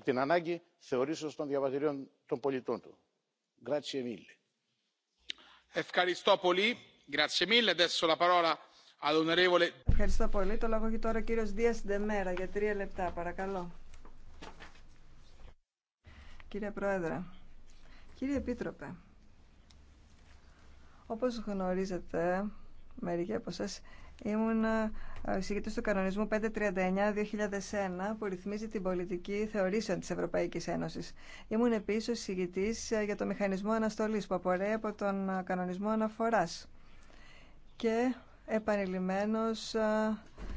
Από την ανάγκη θεωρήσεως των διαβατηρίων των πολιτών του. Ευχαριστώ πολύ. Ευχαριστώ πολύ. Το λόγο έχει τώρα ο κύριος Δίας Ντεμέρα για τρία λεπτά, παρακαλώ. Κύριε Πρόεδρε, κύριε Επίτροπε, όπως γνωρίζετε μερικοί από εσάς, Ήμουν ε, εισηγητής του κανονισμού 539-2001 που ρυθμίζει την πολιτική θεωρήσεων της Ευρωπαϊκής Ένωσης. Ήμουν επίσης ε, για το μηχανισμό αναστολής που απορρέει από τον ε, κανονισμό αναφοράς. Και επανειλημμένως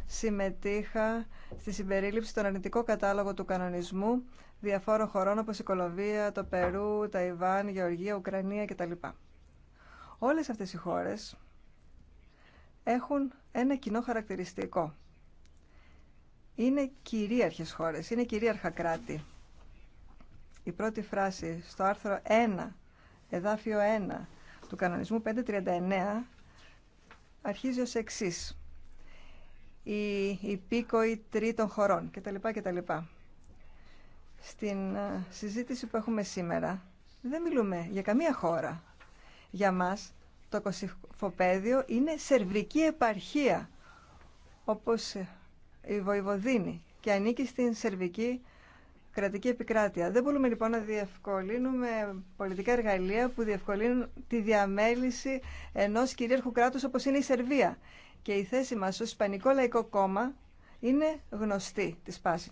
συμμετείχα στη συμπερίληψη των αρνητικό κατάλογο του κανονισμού διαφόρων χωρών όπως η Κολοβία, το Περού, Ταϊβάν, Γεωργία, Ουκρανία κτλ. Όλες αυτές οι χώρες έχουν ένα κοινό χαρακτηριστικό. Είναι κυρίαρχες χώρες, είναι κυρίαρχα κράτη. Η πρώτη φράση στο άρθρο 1, εδάφιο 1 του κανονισμού 539 αρχίζει ως εξής. Οι υπήκοοι τρίτων χωρών κτλ. κτλ. Στην ε, συζήτηση που έχουμε σήμερα δεν μιλούμε για καμία χώρα. Για μας το Κωσυφοπαίδιο είναι σερβική επαρχία, όπως η Βοηβοδίνη και ανήκει στην σερβική κρατική επικράτεια. Δεν μπορούμε λοιπόν να διευκολύνουμε πολιτικά εργαλεία που διευκολύνουν τη διαμέληση ενός κυρίαρχου κράτους όπως είναι η Σερβία. Και η θέση μας ως Ισπανικό Λαϊκό Κόμμα είναι γνωστή της Πάσης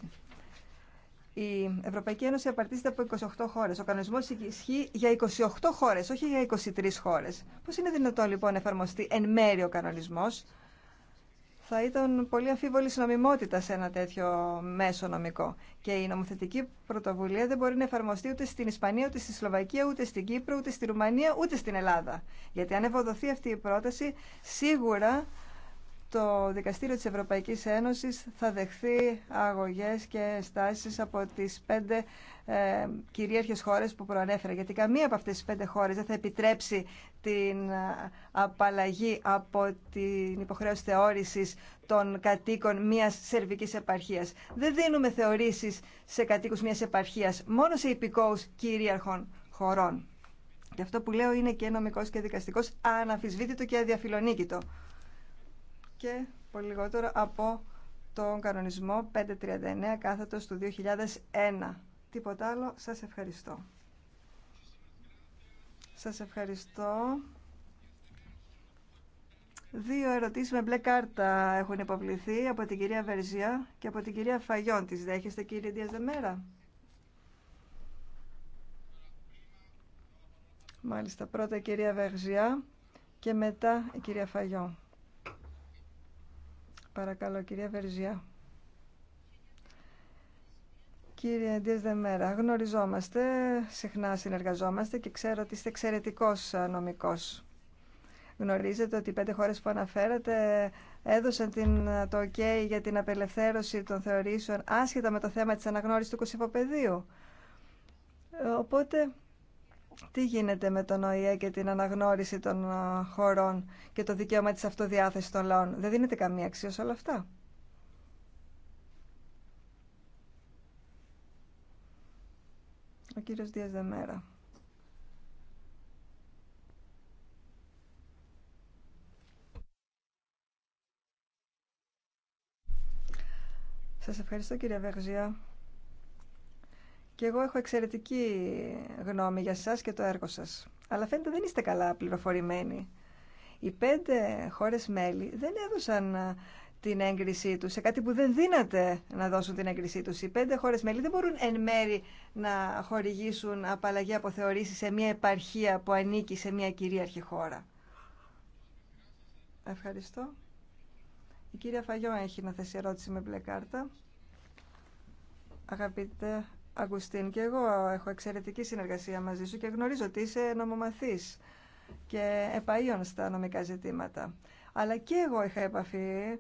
η Ευρωπαϊκή Ένωση απαρτίζεται από 28 χώρε. Ο κανονισμό ισχύει για 28 χώρε, όχι για 23 χώρε. Πώ είναι δυνατόν λοιπόν να εφαρμοστεί εν μέρη ο κανονισμό. Θα ήταν πολύ αμφίβολη νομιμότητα σε ένα τέτοιο μέσο νομικό. Και η νομοθετική πρωτοβουλία δεν μπορεί να εφαρμοστεί ούτε στην Ισπανία, ούτε στη Σλοβακία, ούτε στην Κύπρο, ούτε στη Ρουμανία, ούτε στην Ελλάδα. Γιατί αν ευοδοθεί αυτή η πρόταση, σίγουρα το Δικαστήριο της Ευρωπαϊκής Ένωσης θα δεχθεί αγωγές και στάσεις από τις πέντε ε, κυρίαρχες χώρες που προανέφερα. Γιατί καμία από αυτές τις πέντε χώρες δεν θα επιτρέψει την ε, απαλλαγή από την υποχρέωση θεώρησης των κατοίκων μιας σερβικής επαρχίας. Δεν δίνουμε θεωρήσεις σε κατοίκους μιας επαρχίας, μόνο σε υπηκόους κυρίαρχων χωρών. Και αυτό που λέω είναι και νομικός και δικαστικός, αναφυσβήτητο και αδιαφιλονίκητο και πολύ λιγότερο από τον κανονισμό 539 κάθετος του 2001. Τίποτα άλλο, σας ευχαριστώ. Σας ευχαριστώ. Δύο ερωτήσεις με μπλε κάρτα έχουν υποβληθεί από την κυρία Βερζία και από την κυρία Φαγιόν. Τις δέχεστε κύριε Διαζεμέρα. Μάλιστα, πρώτα η κυρία Βερζιά και μετά η κυρία Φαγιόν. Παρακαλώ, κυρία Βερζιά. Κύριε Ντίας Δεμέρα, γνωριζόμαστε, συχνά συνεργαζόμαστε και ξέρω ότι είστε εξαιρετικό νομικός. Γνωρίζετε ότι οι πέντε χώρες που αναφέρατε έδωσαν την, το OK για την απελευθέρωση των θεωρήσεων άσχετα με το θέμα της αναγνώρισης του κωσυφοπεδίου. Ε, οπότε τι γίνεται με τον ΟΗΕ και την αναγνώριση των ε, χωρών και το δικαίωμα της αυτοδιάθεσης των λαών. Δεν δίνεται καμία αξία σε όλα αυτά. Ο κύριος Δίας Δεμέρα. Σας ευχαριστώ κύριε Βεργζία. Και εγώ έχω εξαιρετική γνώμη για σας και το έργο σας. Αλλά φαίνεται δεν είστε καλά πληροφορημένοι. Οι πέντε χώρε μέλη δεν έδωσαν ε, την έγκρισή του σε κάτι που δεν δύναται να δώσουν την έγκρισή του. Οι πέντε χώρε μέλη δεν μπορούν εν μέρη να χορηγήσουν απαλλαγή αποθεωρήσει σε μια επαρχία που ανήκει σε μια κυρίαρχη χώρα. Ευχαριστώ. Η κυρία Φαγιό έχει να θέσει ερώτηση με μπλε κάρτα. Αγαπητέ Αγκουστίν, και εγώ έχω εξαιρετική συνεργασία μαζί σου και γνωρίζω ότι είσαι νομομαθής και επαΐων στα νομικά ζητήματα. Αλλά και εγώ είχα επαφή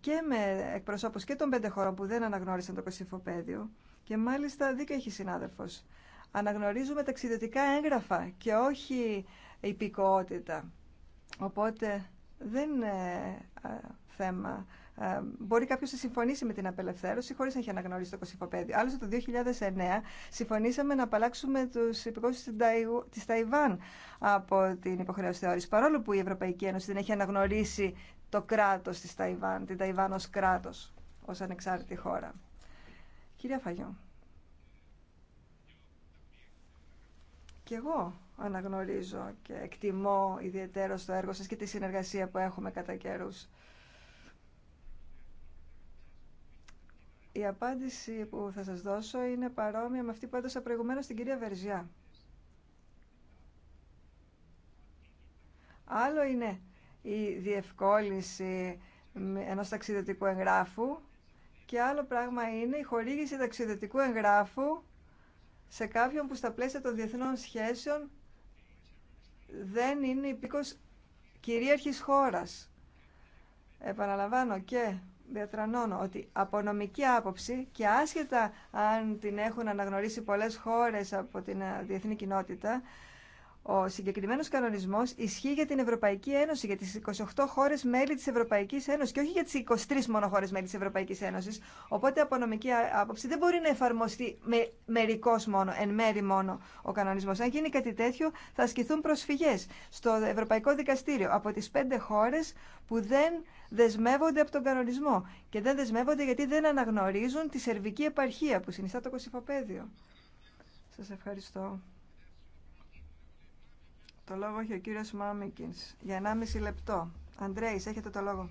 και με εκπροσώπους και των πέντε χωρών που δεν αναγνώρισαν το κοσυφοπαίδιο και μάλιστα δίκαιο έχει συνάδελφος. Αναγνωρίζουμε ταξιδιωτικά έγγραφα και όχι υπηκότητα. Οπότε δεν είναι ε, θέμα ε, μπορεί κάποιο να συμφωνήσει με την απελευθέρωση χωρί να έχει αναγνωρίσει το κοσυφοπέδιο. Άλλωστε, το 2009 συμφωνήσαμε να απαλλάξουμε του υπηκόου τη Ταϊβάν από την υποχρέωση θεώρηση. Παρόλο που η Ευρωπαϊκή Ένωση δεν έχει αναγνωρίσει το κράτο τη Ταϊβάν, την Ταϊβάν ω κράτο, ω ανεξάρτητη χώρα. Κυρία Φαγιό. Και εγώ αναγνωρίζω και εκτιμώ ιδιαίτερο το έργο σας και τη συνεργασία που έχουμε κατά καιρούς. Η απάντηση που θα σας δώσω είναι παρόμοια με αυτή που έδωσα προηγουμένως στην κυρία Βερζιά. Άλλο είναι η διευκόλυνση ενός ταξιδιωτικού εγγράφου και άλλο πράγμα είναι η χορήγηση ταξιδιωτικού εγγράφου σε κάποιον που στα πλαίσια των διεθνών σχέσεων δεν είναι υπήκος κυρίαρχης χώρας. Επαναλαμβάνω και διατρανώνω ότι από νομική άποψη και άσχετα αν την έχουν αναγνωρίσει πολλές χώρες από την ε, διεθνή κοινότητα, ο συγκεκριμένος κανονισμός ισχύει για την Ευρωπαϊκή Ένωση, για τις 28 χώρες μέλη της Ευρωπαϊκής Ένωσης και όχι για τις 23 μόνο χώρες μέλη της Ευρωπαϊκής Ένωσης. Οπότε από νομική άποψη δεν μπορεί να εφαρμοστεί με, μερικός μόνο, εν μέρη μόνο ο κανονισμός. Αν γίνει κάτι τέτοιο θα ασκηθούν προσφυγές στο Ευρωπαϊκό Δικαστήριο από τις 5 χώρες που δεν δεσμεύονται από τον κανονισμό και δεν δεσμεύονται γιατί δεν αναγνωρίζουν τη σερβική επαρχία που συνιστά το κοσυφοπαίδιο. Σας ευχαριστώ. Το λόγο έχει ο κύριος Μάμικινς για 1,5 λεπτό. Αντρέης, έχετε το λόγο.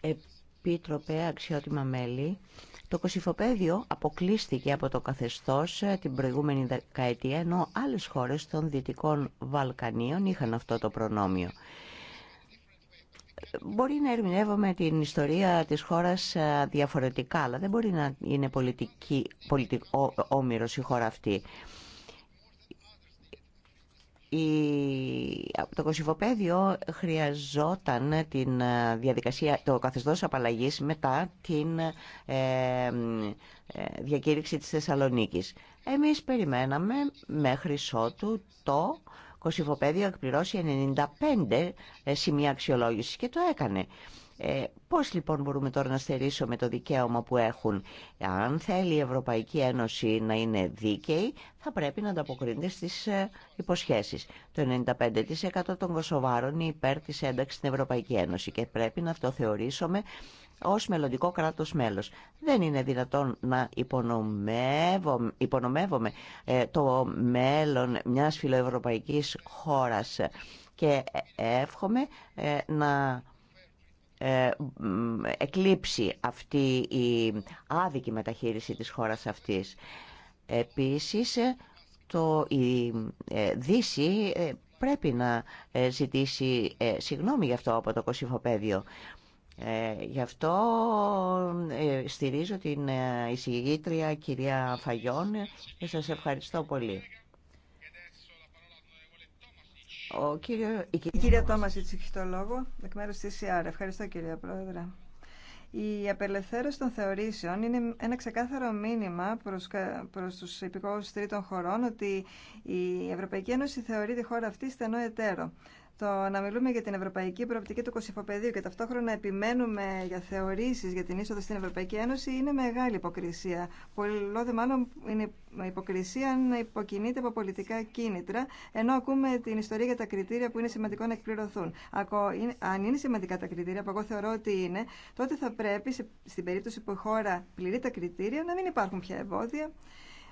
Επίτροπε, αξιότιμα μέλη, το κοσυφοπαίδιο αποκλείστηκε από το καθεστώς ε, την προηγούμενη δεκαετία, ενώ άλλες χώρες των Δυτικών Βαλκανίων είχαν αυτό το προνόμιο. Μπορεί να ερμηνεύουμε την ιστορία της χώρας ε, διαφορετικά, αλλά δεν μπορεί να είναι πολιτική, πολιτικ, η χώρα αυτή. Η, το Κωσυφοπαίδιο χρειαζόταν την ε, διαδικασία, το καθεστώς απαλλαγής μετά την ε, διακήρυξη της Θεσσαλονίκης. Εμείς περιμέναμε μέχρι ότου το Κωσυφοπαίδιο εκπληρώσει 95 ε, σημεία αξιολόγηση και το έκανε. Ε, πώς λοιπόν μπορούμε τώρα να στερήσουμε το δικαίωμα που έχουν. Αν θέλει η Ευρωπαϊκή Ένωση να είναι δίκαιη, θα πρέπει να ανταποκρίνεται στις ε, υποσχέσεις. Το 95% των Κωσοβάρων είναι υπέρ της ένταξης στην Ευρωπαϊκή Ένωση και πρέπει να αυτό θεωρήσουμε ως μελλοντικό κράτος μέλος. Δεν είναι δυνατόν να υπονομεύομαι, υπονομεύομαι το μέλλον μιας φιλοευρωπαϊκής χώρας και ε, εύχομαι ε, να ε, εκλείψει αυτή η άδικη μεταχείριση της χώρας αυτής. Επίσης, ε, το, η ε, Δύση πρέπει να ζητήσει συγγνώμη γι' αυτό από το Κωσυφοπαίδιο. γι' αυτό στηρίζω την εισηγήτρια κυρία Φαγιών και σας ευχαριστώ πολύ. Ο κύριο, η κυρία, κυρία Τόμας έχει το λόγο, εκ μέρους τη ΣΥΑΡ. Ευχαριστώ κυρία Πρόεδρε. Η απελευθέρωση των θεωρήσεων είναι ένα ξεκάθαρο μήνυμα προς, προς τους υπηκόους τρίτων χωρών ότι η Ευρωπαϊκή Ένωση θεωρεί τη χώρα αυτή στενό εταίρο το να μιλούμε για την ευρωπαϊκή προοπτική του Κωσυφοπεδίου και ταυτόχρονα επιμένουμε για θεωρήσεις για την είσοδο στην Ευρωπαϊκή Ένωση είναι μεγάλη υποκρισία. Πολλό δε μάλλον είναι υποκρισία να υποκινείται από πολιτικά κίνητρα, ενώ ακούμε την ιστορία για τα κριτήρια που είναι σημαντικό να εκπληρωθούν. Αν είναι σημαντικά τα κριτήρια, που εγώ θεωρώ ότι είναι, τότε θα πρέπει στην περίπτωση που η χώρα πληρεί τα κριτήρια να μην υπάρχουν πια εμπόδια.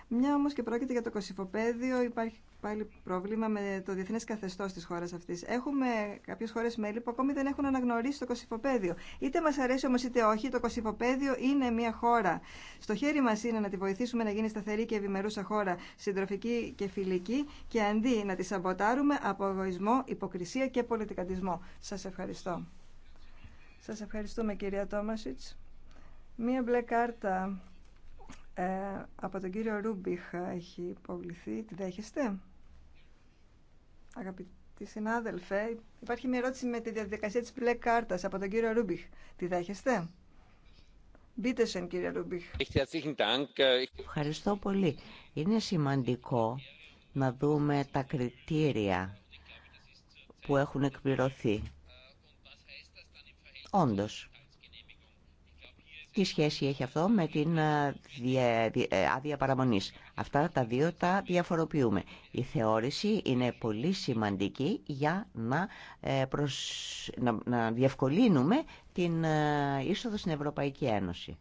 Μια όμως και πρόκειται για το κοσυφοπαίδιο, υπάρχει πάλι πρόβλημα με το διεθνέ καθεστώ τη χώρα αυτή. Έχουμε κάποιε χώρε μέλη που ακόμη δεν έχουν αναγνωρίσει το Κωσυφοπαίδιο. Είτε μα αρέσει όμω είτε όχι, το Κωσυφοπαίδιο είναι μια χώρα. Στο χέρι μα είναι να τη βοηθήσουμε να γίνει σταθερή και ευημερούσα χώρα, συντροφική και φιλική, και αντί να τη σαμποτάρουμε από εγωισμό, υποκρισία και πολιτικαντισμό. Σα ευχαριστώ. Σα ευχαριστούμε, κυρία Τόμασιτ. Μία μπλε κάρτα. Ε, από τον κύριο Ρούμπιχ έχει υποβληθεί. Τη δέχεστε? Αγαπητοί συνάδελφε, υπάρχει μια ερώτηση με τη διαδικασία της μπλε από τον κύριο Ρούμπιχ. Τη δέχεστε? Μπείτε σεν, κύριε Ρούμπιχ. Ευχαριστώ πολύ. Είναι σημαντικό να δούμε τα κριτήρια που έχουν εκπληρωθεί. Όντως, τι σχέση έχει αυτό με την ε, ε, άδεια παραμονής. Αυτά τα δύο τα διαφοροποιούμε. Η θεώρηση είναι πολύ σημαντική για να, ε, να διευκολύνουμε την είσοδο στην Ευρωπαϊκή Ένωση.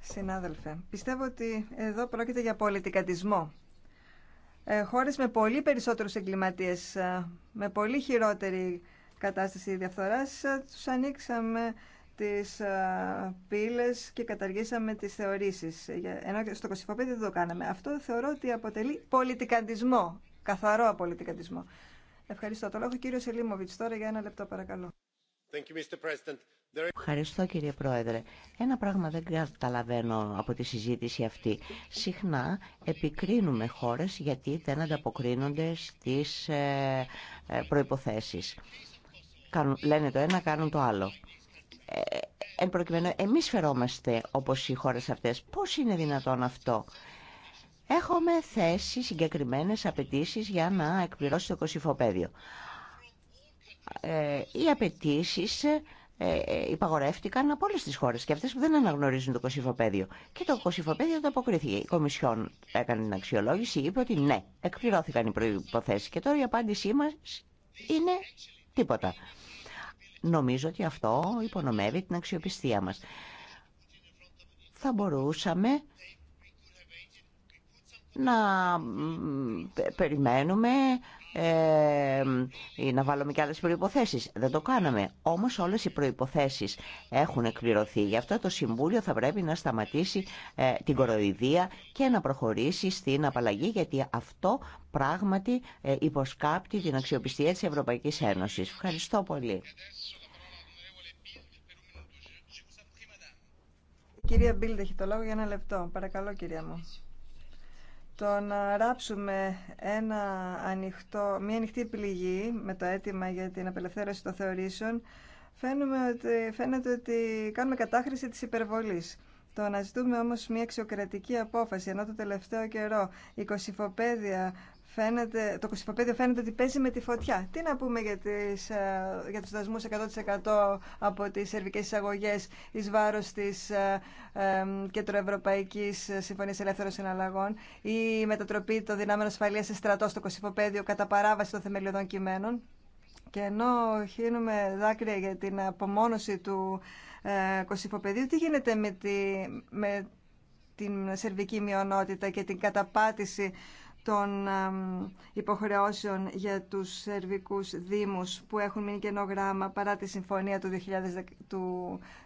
Συνάδελφε, πιστεύω ότι εδώ πρόκειται για πολιτικατισμό. Χώρες με πολύ περισσότερους εγκληματίες, με πολύ χειρότερη κατάσταση διαφθοράς, ε, τους ανοίξαμε τις ε, πύλες και καταργήσαμε τις θεωρήσεις. Ενώ στο Κωσυφοπέδι δεν το κάναμε. Αυτό θεωρώ ότι αποτελεί πολιτικαντισμό, καθαρό πολιτικαντισμό. Ευχαριστώ. Το λόγο κύριο Σελίμοβιτς τώρα για ένα λεπτό παρακαλώ. Ευχαριστώ κύριε Πρόεδρε. Ένα πράγμα δεν καταλαβαίνω από τη συζήτηση αυτή. Συχνά επικρίνουμε χώρες γιατί δεν ανταποκρίνονται στις ε, προϋποθέσεις. Κάνουν, λένε το ένα, κάνουν το άλλο. Ε, εν εμείς φερόμαστε όπως οι χώρες αυτές. Πώς είναι δυνατόν αυτό. Έχουμε θέσει συγκεκριμένες απαιτήσει για να εκπληρώσει το κοσυφοπαίδιο. Ε, οι απαιτήσει ε, ε, υπαγορεύτηκαν από όλε τι χώρε και αυτέ που δεν αναγνωρίζουν το κοσυφοπαίδιο. Και το κοσυφοπαίδιο το αποκρίθηκε. Η Κομισιόν έκανε την αξιολόγηση, είπε ότι ναι, εκπληρώθηκαν οι προποθέσει. Και τώρα η απάντησή μα είναι Τίποτα. Νομίζω ότι αυτό υπονομεύει την αξιοπιστία μας. Θα μπορούσαμε να περιμένουμε ή ε, να βάλουμε και άλλες προϋποθέσεις. Δεν το κάναμε. Όμως όλες οι προϋποθέσεις έχουν εκπληρωθεί. Γι' αυτό το Συμβούλιο θα πρέπει να σταματήσει ε, την κοροϊδία και να προχωρήσει στην απαλλαγή γιατί αυτό πράγματι ε, υποσκάπτει την αξιοπιστία της Ευρωπαϊκής Ένωσης. Ευχαριστώ πολύ. Κυρία Μπίλντ έχει το λόγο για ένα λεπτό. Παρακαλώ κυρία το να ράψουμε ένα ανοιχτό, μια ανοιχτή πληγή με το αίτημα για την απελευθέρωση των θεωρήσεων ότι, φαίνεται ότι κάνουμε κατάχρηση της υπερβολής. Το να ζητούμε όμως μια αξιοκρατική απόφαση, ενώ το τελευταίο καιρό η κοσυφοπαίδεια φαίνεται, το κοσυφοπέδιο φαίνεται ότι παίζει με τη φωτιά. Τι να πούμε για, τις, ε, για τους δασμούς 100% από τις σερβικές εισαγωγές εις βάρος της ε, ε, Κεντροευρωπαϊκής Συμφωνίας Ελεύθερων Συναλλαγών ή η μετατροπη των δυνάμεων ασφαλείας σε στρατό στο κοσυφοπέδιο κατά παράβαση των θεμελιωδών κειμένων. Και ενώ χύνουμε δάκρυα για την απομόνωση του ε, τι γίνεται με, τη, με την σερβική μειονότητα και την καταπάτηση των υποχρεώσεων για τους σερβικούς δήμους που έχουν μείνει κενό γράμμα παρά τη συμφωνία του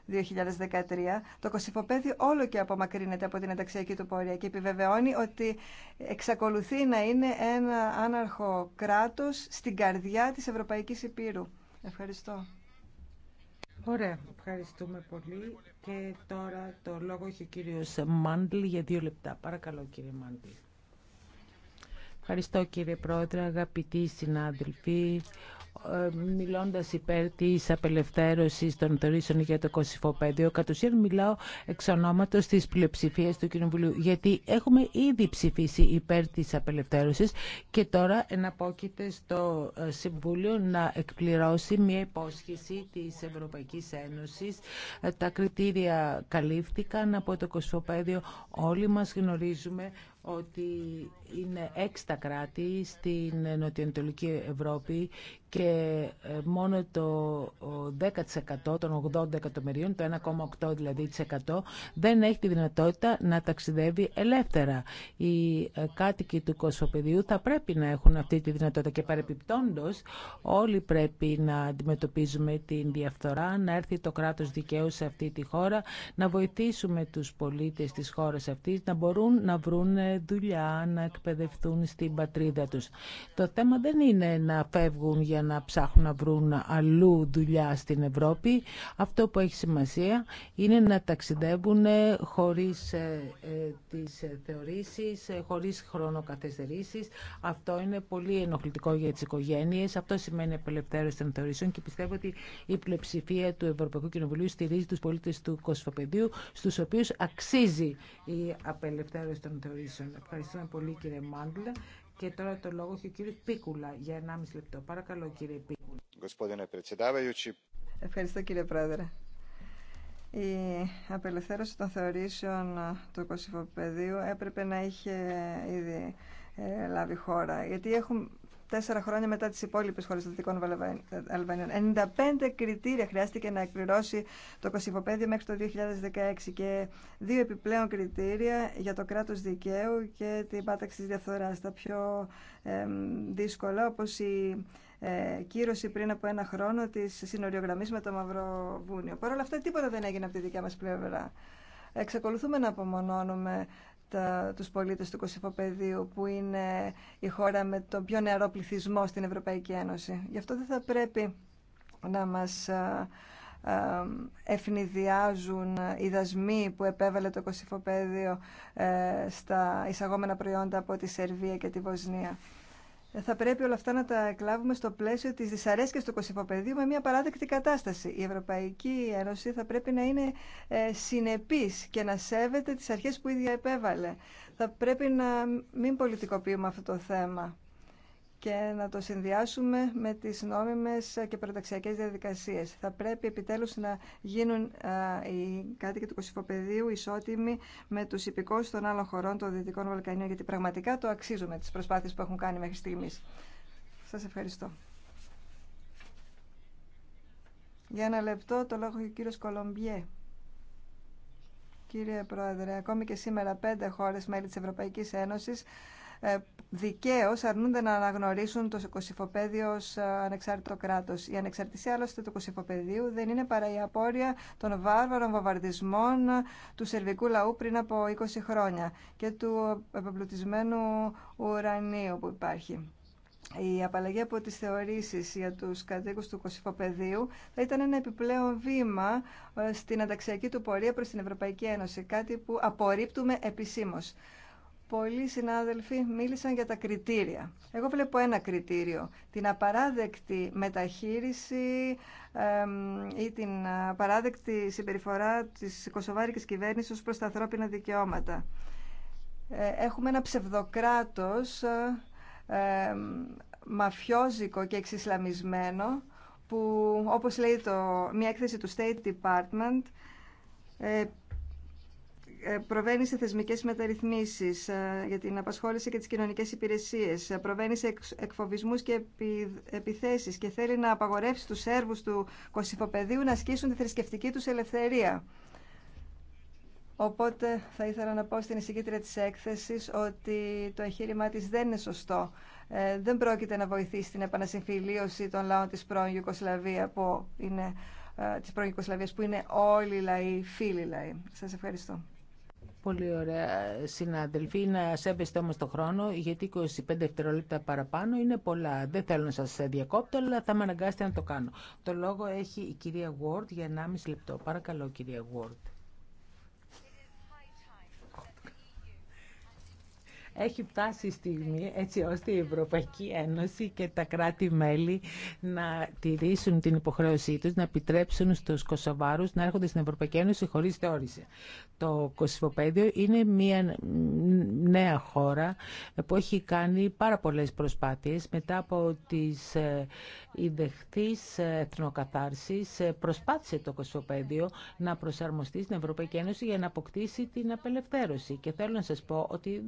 2013. Το Κωσυφοπέδη όλο και απομακρύνεται από την ενταξιακή του πορεία και επιβεβαιώνει ότι εξακολουθεί να είναι ένα άναρχο κράτος στην καρδιά της Ευρωπαϊκής Επίρου. Ευχαριστώ. Ωραία, ευχαριστούμε πολύ. Και τώρα το λόγο έχει ο κύριος Μάντλ για δύο λεπτά. Παρακαλώ κύριε Μάντλ. Ευχαριστώ κύριε Πρόεδρε, αγαπητοί συνάδελφοι ε, μιλώντας υπέρ τη απελευθέρωσης των θεωρήσεων για το κοσυφοπαίδιο, κατ' ουσίαν μιλάω εξ ονόματο της πλειοψηφία του Κοινοβουλίου, γιατί έχουμε ήδη ψηφίσει υπέρ τη απελευθέρωσης και τώρα εναπόκειται στο ε, Συμβούλιο να εκπληρώσει μια υπόσχεση της Ευρωπαϊκή Ένωσης. Ε, τα κριτήρια καλύφθηκαν από το κοσυφοπαίδιο. Όλοι μα γνωρίζουμε ότι είναι έξι κράτη στην νοτιοανατολική Ευρώπη και ε, μόνο το 10% των 80 εκατομμυρίων, το 1,8% δηλαδή δεν έχει τη δυνατότητα να ταξιδεύει ελεύθερα. Οι ε, κάτοικοι του Κοσμοπεδίου θα πρέπει να έχουν αυτή τη δυνατότητα και παρεπιπτόντως όλοι πρέπει να αντιμετωπίζουμε την διαφθορά, να έρθει το κράτος δικαίου σε αυτή τη χώρα, να βοηθήσουμε τους πολίτες της χώρας αυτής να μπορούν να βρουν δουλειά, εκπαιδευτούν στην πατρίδα τους. Το θέμα δεν είναι να φεύγουν για να ψάχνουν να βρουν αλλού δουλειά στην Ευρώπη. Αυτό που έχει σημασία είναι να ταξιδεύουν ε, χωρίς ε, ε, τις θεωρήσεις, χωρίς χρονοκαθεστερήσεις. Αυτό είναι πολύ ενοχλητικό για τις οικογένειες. Αυτό σημαίνει απελευθέρωση των θεωρήσεων και πιστεύω ότι η πλειοψηφία του Ευρωπαϊκού Κοινοβουλίου στηρίζει τους πολίτες του Κοσφοπεδίου, στους οποίους αξίζει η απελευθέρωση των θεωρήσεων. Ευχαριστούμε πολύ κύριε Μάντλ. Και τώρα το λόγο έχει ο κύριος Πίκουλα για 1,5 λεπτό. Παρακαλώ κύριε Πίκουλα. Ευχαριστώ κύριε Πρόεδρε. Η απελευθέρωση των θεωρήσεων του κοσυφοπεδίου έπρεπε να είχε ήδη ε, λάβει χώρα. Γιατί έχουμε, τέσσερα χρόνια μετά τις υπόλοιπε χώρε των Δυτικών Αλβανίων. 95 κριτήρια χρειάστηκε να εκπληρώσει το Κωσυφοπέδιο μέχρι το 2016 και δύο επιπλέον κριτήρια για το κράτος δικαίου και την πάταξη της διαφθοράς. Τα πιο δύσκολα όπως η ε, κύρωση πριν από ένα χρόνο της συνοριογραμμής με το Βούνιο. Παρ' όλα αυτά τίποτα δεν έγινε από τη δικιά μας πλευρά. Εξακολουθούμε να απομονώνουμε τα, τους πολίτες του Κωσυφοπεδίου που είναι η χώρα με τον πιο νεαρό πληθυσμό στην Ευρωπαϊκή Ένωση. Γι' αυτό δεν θα πρέπει να μας ευνηδιάζουν οι δασμοί που επέβαλε το Κωσυφοπέδιο ε, στα εισαγόμενα προϊόντα από τη Σερβία και τη Βοσνία θα πρέπει όλα αυτά να τα εκλάβουμε στο πλαίσιο της δυσαρέσκειας του κοσυφοπεδίου με μια παράδεκτη κατάσταση. Η Ευρωπαϊκή Ένωση θα πρέπει να είναι ε, συνεπής και να σέβεται τις αρχές που ήδη επέβαλε. Θα πρέπει να μην πολιτικοποιούμε αυτό το θέμα και να το συνδυάσουμε με τις νόμιμες και προταξιακές διαδικασίες. Θα πρέπει επιτέλους να γίνουν οι κάτοικοι του Κωσυφοπεδίου ισότιμοι με τους υπηκόους των άλλων χωρών των Δυτικών Βαλκανίων, γιατί πραγματικά το αξίζουμε τις προσπάθειες που έχουν κάνει μέχρι στιγμής. Σας ευχαριστώ. Για ένα λεπτό το λόγο και ο κύριος Κολομπιέ. Κύριε Πρόεδρε, ακόμη και σήμερα πέντε χώρες μέλη της Ευρωπαϊκής Ένωσης ε, δικαίω αρνούνται να αναγνωρίσουν το κοσυφοπαίδιο ω ε, ανεξάρτητο κράτο. Η ανεξαρτησία άλλωστε του κοσυφοπαιδίου δεν είναι παρά η απόρρεια των βάρβαρων βομβαρδισμών του σερβικού λαού πριν από 20 χρόνια και του επεμπλουτισμένου ουρανίου που υπάρχει. Η απαλλαγή από τις θεωρήσεις για τους κατοίκους του Κωσυφοπεδίου θα ήταν ένα επιπλέον βήμα ε, στην ανταξιακή του πορεία προς την Ευρωπαϊκή Ένωση, κάτι που απορρίπτουμε επισήμως πολλοί συνάδελφοι μίλησαν για τα κριτήρια. Εγώ βλέπω ένα κριτήριο, την απαράδεκτη μεταχείριση ή την απαράδεκτη συμπεριφορά της κοσοβάρικης κυβέρνησης προς τα ανθρώπινα δικαιώματα. Ε, έχουμε ένα ψευδοκράτος, ε, μαφιόζικο και εξισλαμισμένο, που όπως λέει το, μια έκθεση του State Department, ε, ε, προβαίνει σε θεσμικέ μεταρρυθμίσει ε, για την απασχόληση και τι κοινωνικέ υπηρεσίε, ε, προβαίνει σε εκφοβισμού και επιθέσει και θέλει να απαγορεύσει τους Σέρβους του Κωσυφοπεδίου να ασκήσουν τη θρησκευτική του ελευθερία. Οπότε θα ήθελα να πω στην εισηγήτρια της έκθεσης ότι το εγχείρημά της δεν είναι σωστό. δεν πρόκειται να βοηθήσει την επανασυμφιλίωση των λαών της πρώην Ιουκοσλαβία που είναι της πρώην που είναι όλοι λαοί, φίλοι λαοί. Σας ευχαριστώ. Πολύ ωραία, συνάδελφοι. Να σέβεστε όμως το χρόνο, γιατί 25 δευτερόλεπτα παραπάνω είναι πολλά. Δεν θέλω να σας διακόπτω, αλλά θα με αναγκάσετε να το κάνω. Το λόγο έχει η κυρία Γουόρτ για 1,5 λεπτό. Παρακαλώ, κυρία Γουόρτ. Έχει φτάσει η στιγμή έτσι ώστε η Ευρωπαϊκή Ένωση και τα κράτη-μέλη να τηρήσουν την υποχρέωσή τους, να επιτρέψουν στους Κωσοβάρους να έρχονται στην Ευρωπαϊκή Ένωση χωρίς θεώρηση. Το Κωσυφοπαίδιο είναι μια νέα χώρα που έχει κάνει πάρα πολλές προσπάθειες μετά από τις ε, ιδεχθείς ε, εθνοκαθάρσεις ε, προσπάθησε το Κωσυφοπαίδιο να προσαρμοστεί στην Ευρωπαϊκή Ένωση για να αποκτήσει την απελευθέρωση και θέλω να πω ότι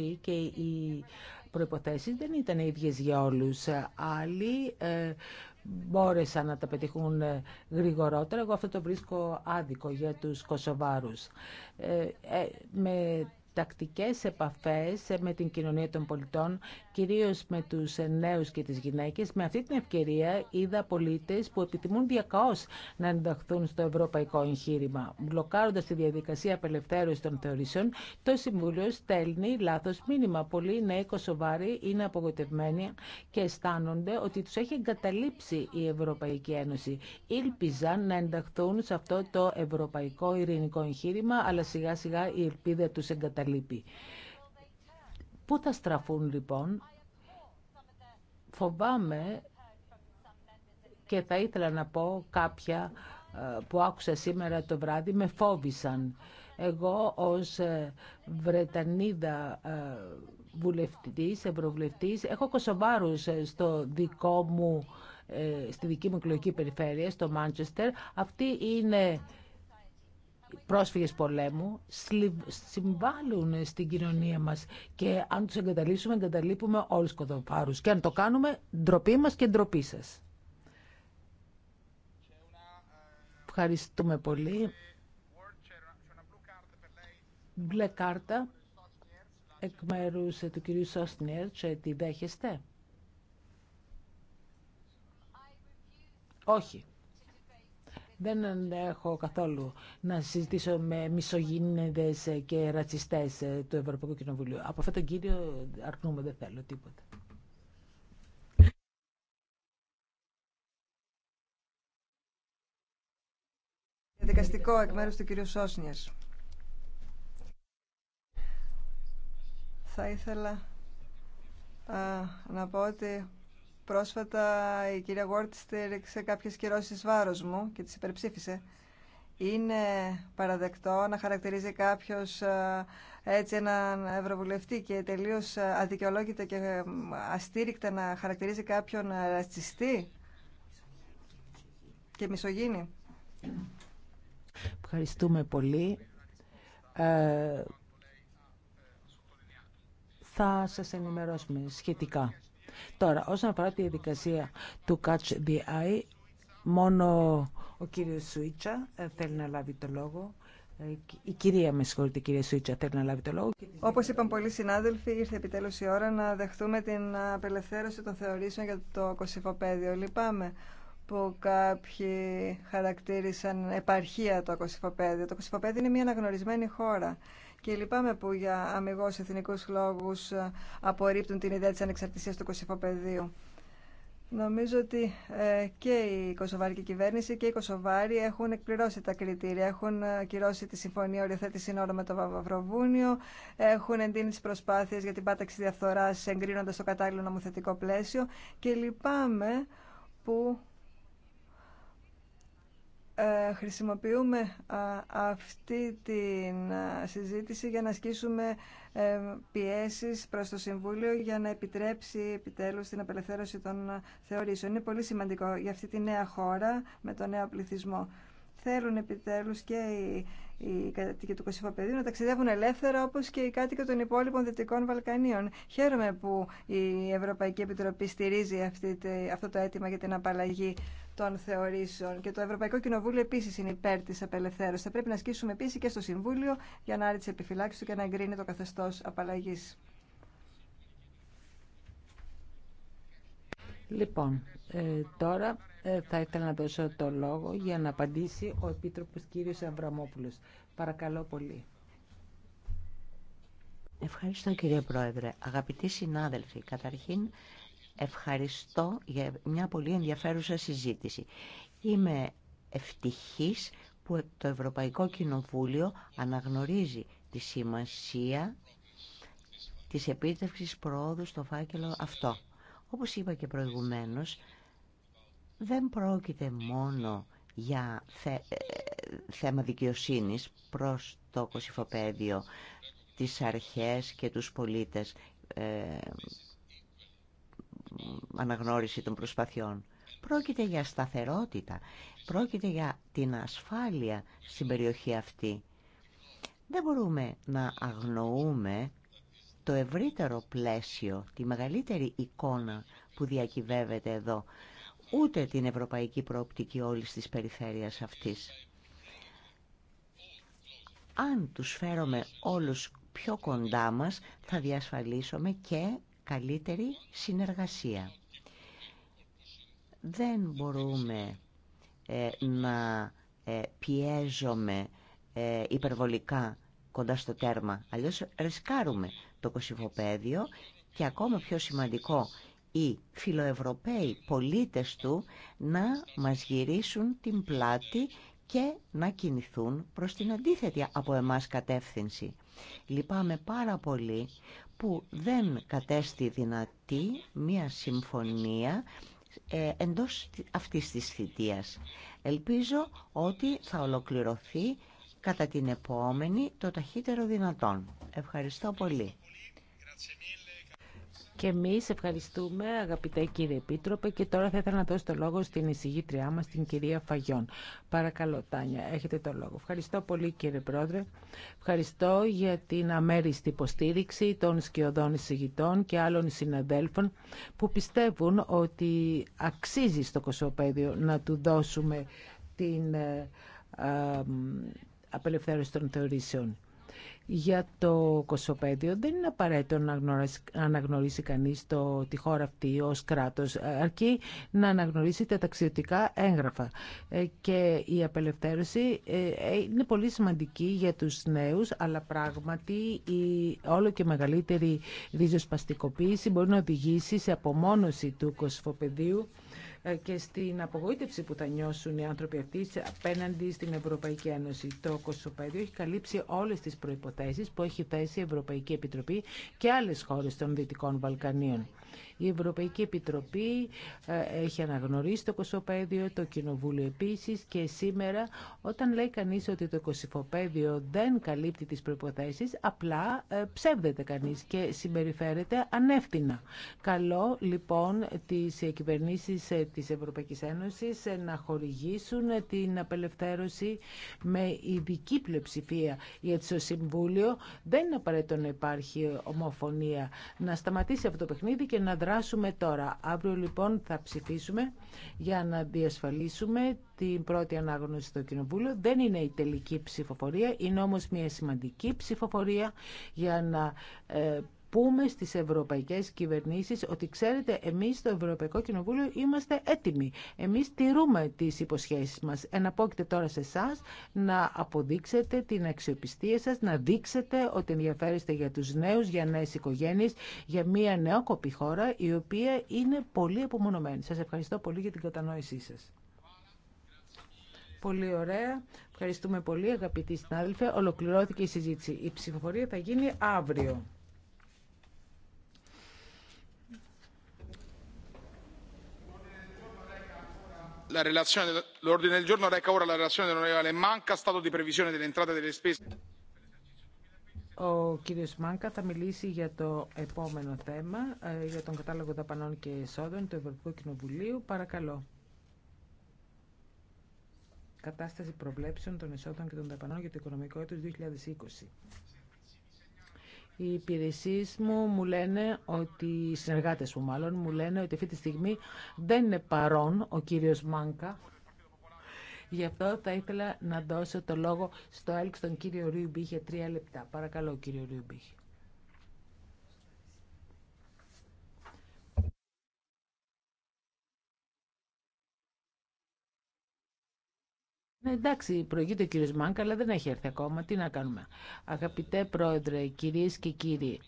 και οι προϋποθέσεις δεν ήταν ίδιες για όλους. Άλλοι ε, μπόρεσαν να τα πετύχουν ε, γρηγορότερα. Εγώ αυτό το βρίσκω άδικο για τους Κωσοβάρους. Ε, ε, με τακτικές επαφές με την κοινωνία των πολιτών, κυρίως με τους νέους και τις γυναίκες. Με αυτή την ευκαιρία είδα πολίτες που επιθυμούν διακαώς να ενταχθούν στο ευρωπαϊκό εγχείρημα. Μπλοκάροντας τη διαδικασία απελευθέρωση των θεωρήσεων, το Συμβούλιο στέλνει λάθος μήνυμα. Πολλοί νέοι κοσοβάροι είναι απογοητευμένοι και αισθάνονται ότι τους έχει εγκαταλείψει η Ευρωπαϊκή Ένωση. Ήλπιζαν να ενταχθούν σε αυτό το ευρωπαϊκό ειρηνικό εγχείρημα, αλλά σιγά σιγά η ελπίδα τους εγκαταλείψει Πού θα στραφούν λοιπόν, φοβάμαι και θα ήθελα να πω κάποια ε, που άκουσα σήμερα το βράδυ με φόβησαν. Εγώ ως ε, Βρετανίδα ε, βουλευτής, ευρωβουλευτής, έχω κοσοβάρους στο δικό μου, στη δική μου εκλογική περιφέρεια, στο Μάντσεστερ. Αυτή είναι πρόσφυγες πολέμου συμβάλλουν στην κοινωνία μας και αν τους εγκαταλείψουμε εγκαταλείπουμε όλους κοδοπάρους και αν το κάνουμε ντροπή μας και ντροπή σας. Ευχαριστούμε πολύ. Μπλε κάρτα εκ μέρου του κυρίου Σόσνιερτ τη δέχεστε. Όχι. Δεν έχω καθόλου να συζητήσω με μισογυναίδες και ρατσιστές του Ευρωπαϊκού Κοινοβουλίου. Από αυτόν τον κύριο αρνούμε, δεν θέλω τίποτα. Δικαστικό εκ μέρους του κύριου Σόσνιες. Θα ήθελα α, να πω ότι Πρόσφατα η κυρία Γουόρτ στήριξε κάποιες κυρώσεις βάρος μου και τις υπερψήφισε. Είναι παραδεκτό να χαρακτηρίζει κάποιος ε, έτσι έναν ευρωβουλευτή και τελείως ε, αδικαιολόγητα και ε, αστήρικτα να χαρακτηρίζει κάποιον ρατσιστή και μισογίνη. Ευχαριστούμε πολύ. Ε, θα σας ενημερώσουμε σχετικά. Τώρα, όσον αφορά τη διαδικασία του Catch the Eye, μόνο ο κύριος Σουίτσα ε, θέλει να λάβει το λόγο. Ε, η κυρία, με συγχωρείτε, κυρία Σουίτσα, θέλει να λάβει το λόγο. Όπως είπαν πολλοί συνάδελφοι, ήρθε επιτέλους η ώρα να δεχτούμε την απελευθέρωση των θεωρήσεων για το κοσυφοπαίδιο. Λυπάμαι που κάποιοι χαρακτήρισαν επαρχία το κοσυφοπαίδιο. Το κοσυφοπαίδιο είναι μια αναγνωρισμένη χώρα. Και λυπάμαι που για αμυγός εθνικούς λόγους ε, απορρίπτουν την ιδέα της ανεξαρτησίας του Κωσυφοπεδίου. Νομίζω ότι ε, και η Κωσοβάρικη κυβέρνηση και οι Κωσοβάροι έχουν εκπληρώσει τα κριτήρια. Έχουν ε, κυρώσει τη συμφωνία οριοθέτηση σύνορα με το Βαβροβούνιο, έχουν εντείνει τι προσπάθειε για την πάταξη διαφθορά εγκρίνοντα το κατάλληλο νομοθετικό πλαίσιο και λυπάμαι που ε, χρησιμοποιούμε αυτή τη συζήτηση για να ασκήσουμε ε, πιέσεις προς το Συμβούλιο για να επιτρέψει επιτέλους την απελευθέρωση των θεωρήσεων. Είναι πολύ σημαντικό για αυτή τη νέα χώρα με τον νέο πληθυσμό. Θέλουν επιτέλους και οι, οι κατοικοί του Κωσυφοπεδίου να ταξιδεύουν ελεύθερα όπως και οι κάτοικοι των υπόλοιπων Δυτικών Βαλκανίων. Χαίρομαι που η Ευρωπαϊκή Επιτροπή στηρίζει αυτή, αυτό το αίτημα για την απαλλαγή των θεωρήσεων και το Ευρωπαϊκό Κοινοβούλιο επίση είναι υπέρ τη απελευθέρωση. Θα πρέπει να ασκήσουμε επίση και στο Συμβούλιο για να άρει τι επιφυλάξει του και να εγκρίνει το καθεστώ απαλλαγή. Λοιπόν, ε, τώρα ε, θα ήθελα να δώσω το λόγο για να απαντήσει ο Επίτροπος κύριος Αβραμόπουλος. Παρακαλώ πολύ. Ευχαριστώ κύριε Πρόεδρε. Αγαπητοί συνάδελφοι, καταρχήν Ευχαριστώ για μια πολύ ενδιαφέρουσα συζήτηση. Είμαι ευτυχής που το Ευρωπαϊκό Κοινοβούλιο αναγνωρίζει τη σημασία της επίτευξης προόδου στο φάκελο αυτό. Όπως είπα και προηγουμένως, δεν πρόκειται μόνο για ε, θέμα δικαιοσύνης προς το κοσυφοπαίδιο, τις αρχές και τους πολίτες ε, αναγνώριση των προσπαθειών. Πρόκειται για σταθερότητα, πρόκειται για την ασφάλεια στην περιοχή αυτή. Δεν μπορούμε να αγνοούμε το ευρύτερο πλαίσιο, τη μεγαλύτερη εικόνα που διακυβεύεται εδώ, ούτε την ευρωπαϊκή προοπτική όλης της περιφέρειας αυτής. Αν τους φέρομαι όλους πιο κοντά μας, θα διασφαλίσουμε και καλύτερη συνεργασία. Δεν μπορούμε ε, να ε, πιέζομαι ε, υπερβολικά κοντά στο τέρμα. Αλλιώς ρισκάρουμε το κοσυφοπαίδιο και ακόμα πιο σημαντικό οι φιλοευρωπαίοι πολίτες του να μας γυρίσουν την πλάτη και να κινηθούν προς την αντίθετη από εμάς κατεύθυνση. Λυπάμαι πάρα πολύ που δεν κατέστη δυνατή μία συμφωνία ε, εντός αυτής της θητείας. Ελπίζω ότι θα ολοκληρωθεί κατά την επόμενη το ταχύτερο δυνατόν. Ευχαριστώ πολύ. Και εμεί ευχαριστούμε αγαπητέ κύριε Επίτροπε και τώρα θα ήθελα να δώσω το λόγο στην εισηγήτριά μας, την κυρία Φαγιόν. Παρακαλώ Τάνια, έχετε το λόγο. Ευχαριστώ πολύ κύριε Πρόεδρε. Ευχαριστώ για την αμέριστη υποστήριξη των σκιωδών εισηγητών και άλλων συναδέλφων που πιστεύουν ότι αξίζει στο Κωσοπαίδιο να του δώσουμε την ε, ε, απελευθέρωση των θεωρήσεων για το Κοσοπέδιο δεν είναι απαραίτητο να αναγνωρίσει κανείς το, τη χώρα αυτή ως κράτος αρκεί να αναγνωρίσει τα ταξιδιωτικά έγγραφα ε, και η απελευθέρωση ε, ε, είναι πολύ σημαντική για τους νέους αλλά πράγματι η όλο και μεγαλύτερη ριζοσπαστικοποίηση μπορεί να οδηγήσει σε απομόνωση του Κοσφοπεδίου ε, και στην απογοήτευση που θα νιώσουν οι άνθρωποι αυτοί απέναντι στην Ευρωπαϊκή Ένωση. Το Κοσοπέδιο έχει καλύψει όλε τι προποθέσει που έχει θέσει η Ευρωπαϊκή Επιτροπή και άλλε χώρε των Δυτικών Βαλκανίων. Η Ευρωπαϊκή Επιτροπή ε, έχει αναγνωρίσει το Κωσοπαίδιο, το Κοινοβούλιο επίσης και σήμερα όταν λέει κανείς ότι το Κωσοπαίδιο δεν καλύπτει τις προϋποθέσεις, απλά ε, ψεύδεται κανείς και συμπεριφέρεται ανεύθυνα. Καλό λοιπόν τις κυβερνήσεις ε, της Ευρωπαϊκής Ένωσης να χορηγήσουν την απελευθέρωση με ειδική πλειοψηφία γιατί στο Συμβούλιο δεν είναι απαραίτητο να υπάρχει ομοφωνία να σταματήσει αυτό το παιχνίδι και να δράσουμε τώρα. Αύριο λοιπόν θα ψηφίσουμε για να διασφαλίσουμε την πρώτη ανάγνωση στο Κοινοβούλιο. Δεν είναι η τελική ψηφοφορία, είναι όμως μια σημαντική ψηφοφορία για να ε, πούμε στις ευρωπαϊκές κυβερνήσεις ότι ξέρετε εμείς στο Ευρωπαϊκό Κοινοβούλιο είμαστε έτοιμοι. Εμείς τηρούμε τις υποσχέσεις μας. Εναπόκειται τώρα σε εσά να αποδείξετε την αξιοπιστία σας, να δείξετε ότι ενδιαφέρεστε για τους νέους, για νέες οικογένειες, για μια νεόκοπη χώρα η οποία είναι πολύ απομονωμένη. Σας ευχαριστώ πολύ για την κατανόησή σας. Πολύ ωραία. Ευχαριστούμε πολύ αγαπητοί συνάδελφοι. Ολοκληρώθηκε η συζήτηση. Η ψηφοφορία θα γίνει αύριο. l'ordine del giorno reca ora la relazione dell'onorevole Manca, stato di previsione delle entrate e delle spese. Ο κύριο Μάνκα θα μιλήσει για το επόμενο θέμα, ε, για τον κατάλογο δαπανών και εσόδων του Ευρωπαϊκού Κοινοβουλίου. Παρακαλώ. Κατάσταση προβλέψεων των εσόδων και των δαπανών για το οικονομικό έτος 2020. Οι υπηρεσίε μου μου λένε ότι, οι συνεργάτε μου μάλλον, μου λένε ότι αυτή τη στιγμή δεν είναι παρόν ο κύριο Μάνκα. Γι' αυτό θα ήθελα να δώσω το λόγο στο έλξ τον κύριο Ρούμπι για τρία λεπτά. Παρακαλώ, κύριο Ρούμπι. Εντάξει, προηγείται ο κύριος Μάνκα, αλλά δεν έχει έρθει ακόμα. Τι να κάνουμε. Αγαπητέ Πρόεδρε, κυρίες και κύριοι,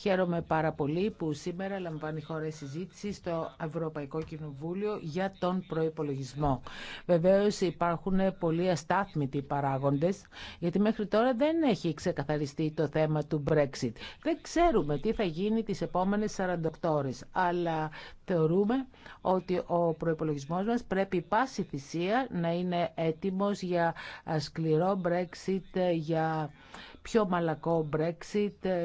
Χαίρομαι πάρα πολύ που σήμερα λαμβάνει χώρα συζήτηση στο Ευρωπαϊκό Κοινοβούλιο για τον προϋπολογισμό. Βεβαίως υπάρχουν πολλοί αστάθμητοι παράγοντες, γιατί μέχρι τώρα δεν έχει ξεκαθαριστεί το θέμα του Brexit. Δεν ξέρουμε τι θα γίνει τις επόμενες 48 ώρες, αλλά θεωρούμε ότι ο προϋπολογισμός μας πρέπει πάση θυσία να είναι έτοιμος για σκληρό Brexit, για πιο μαλακό Brexit ε,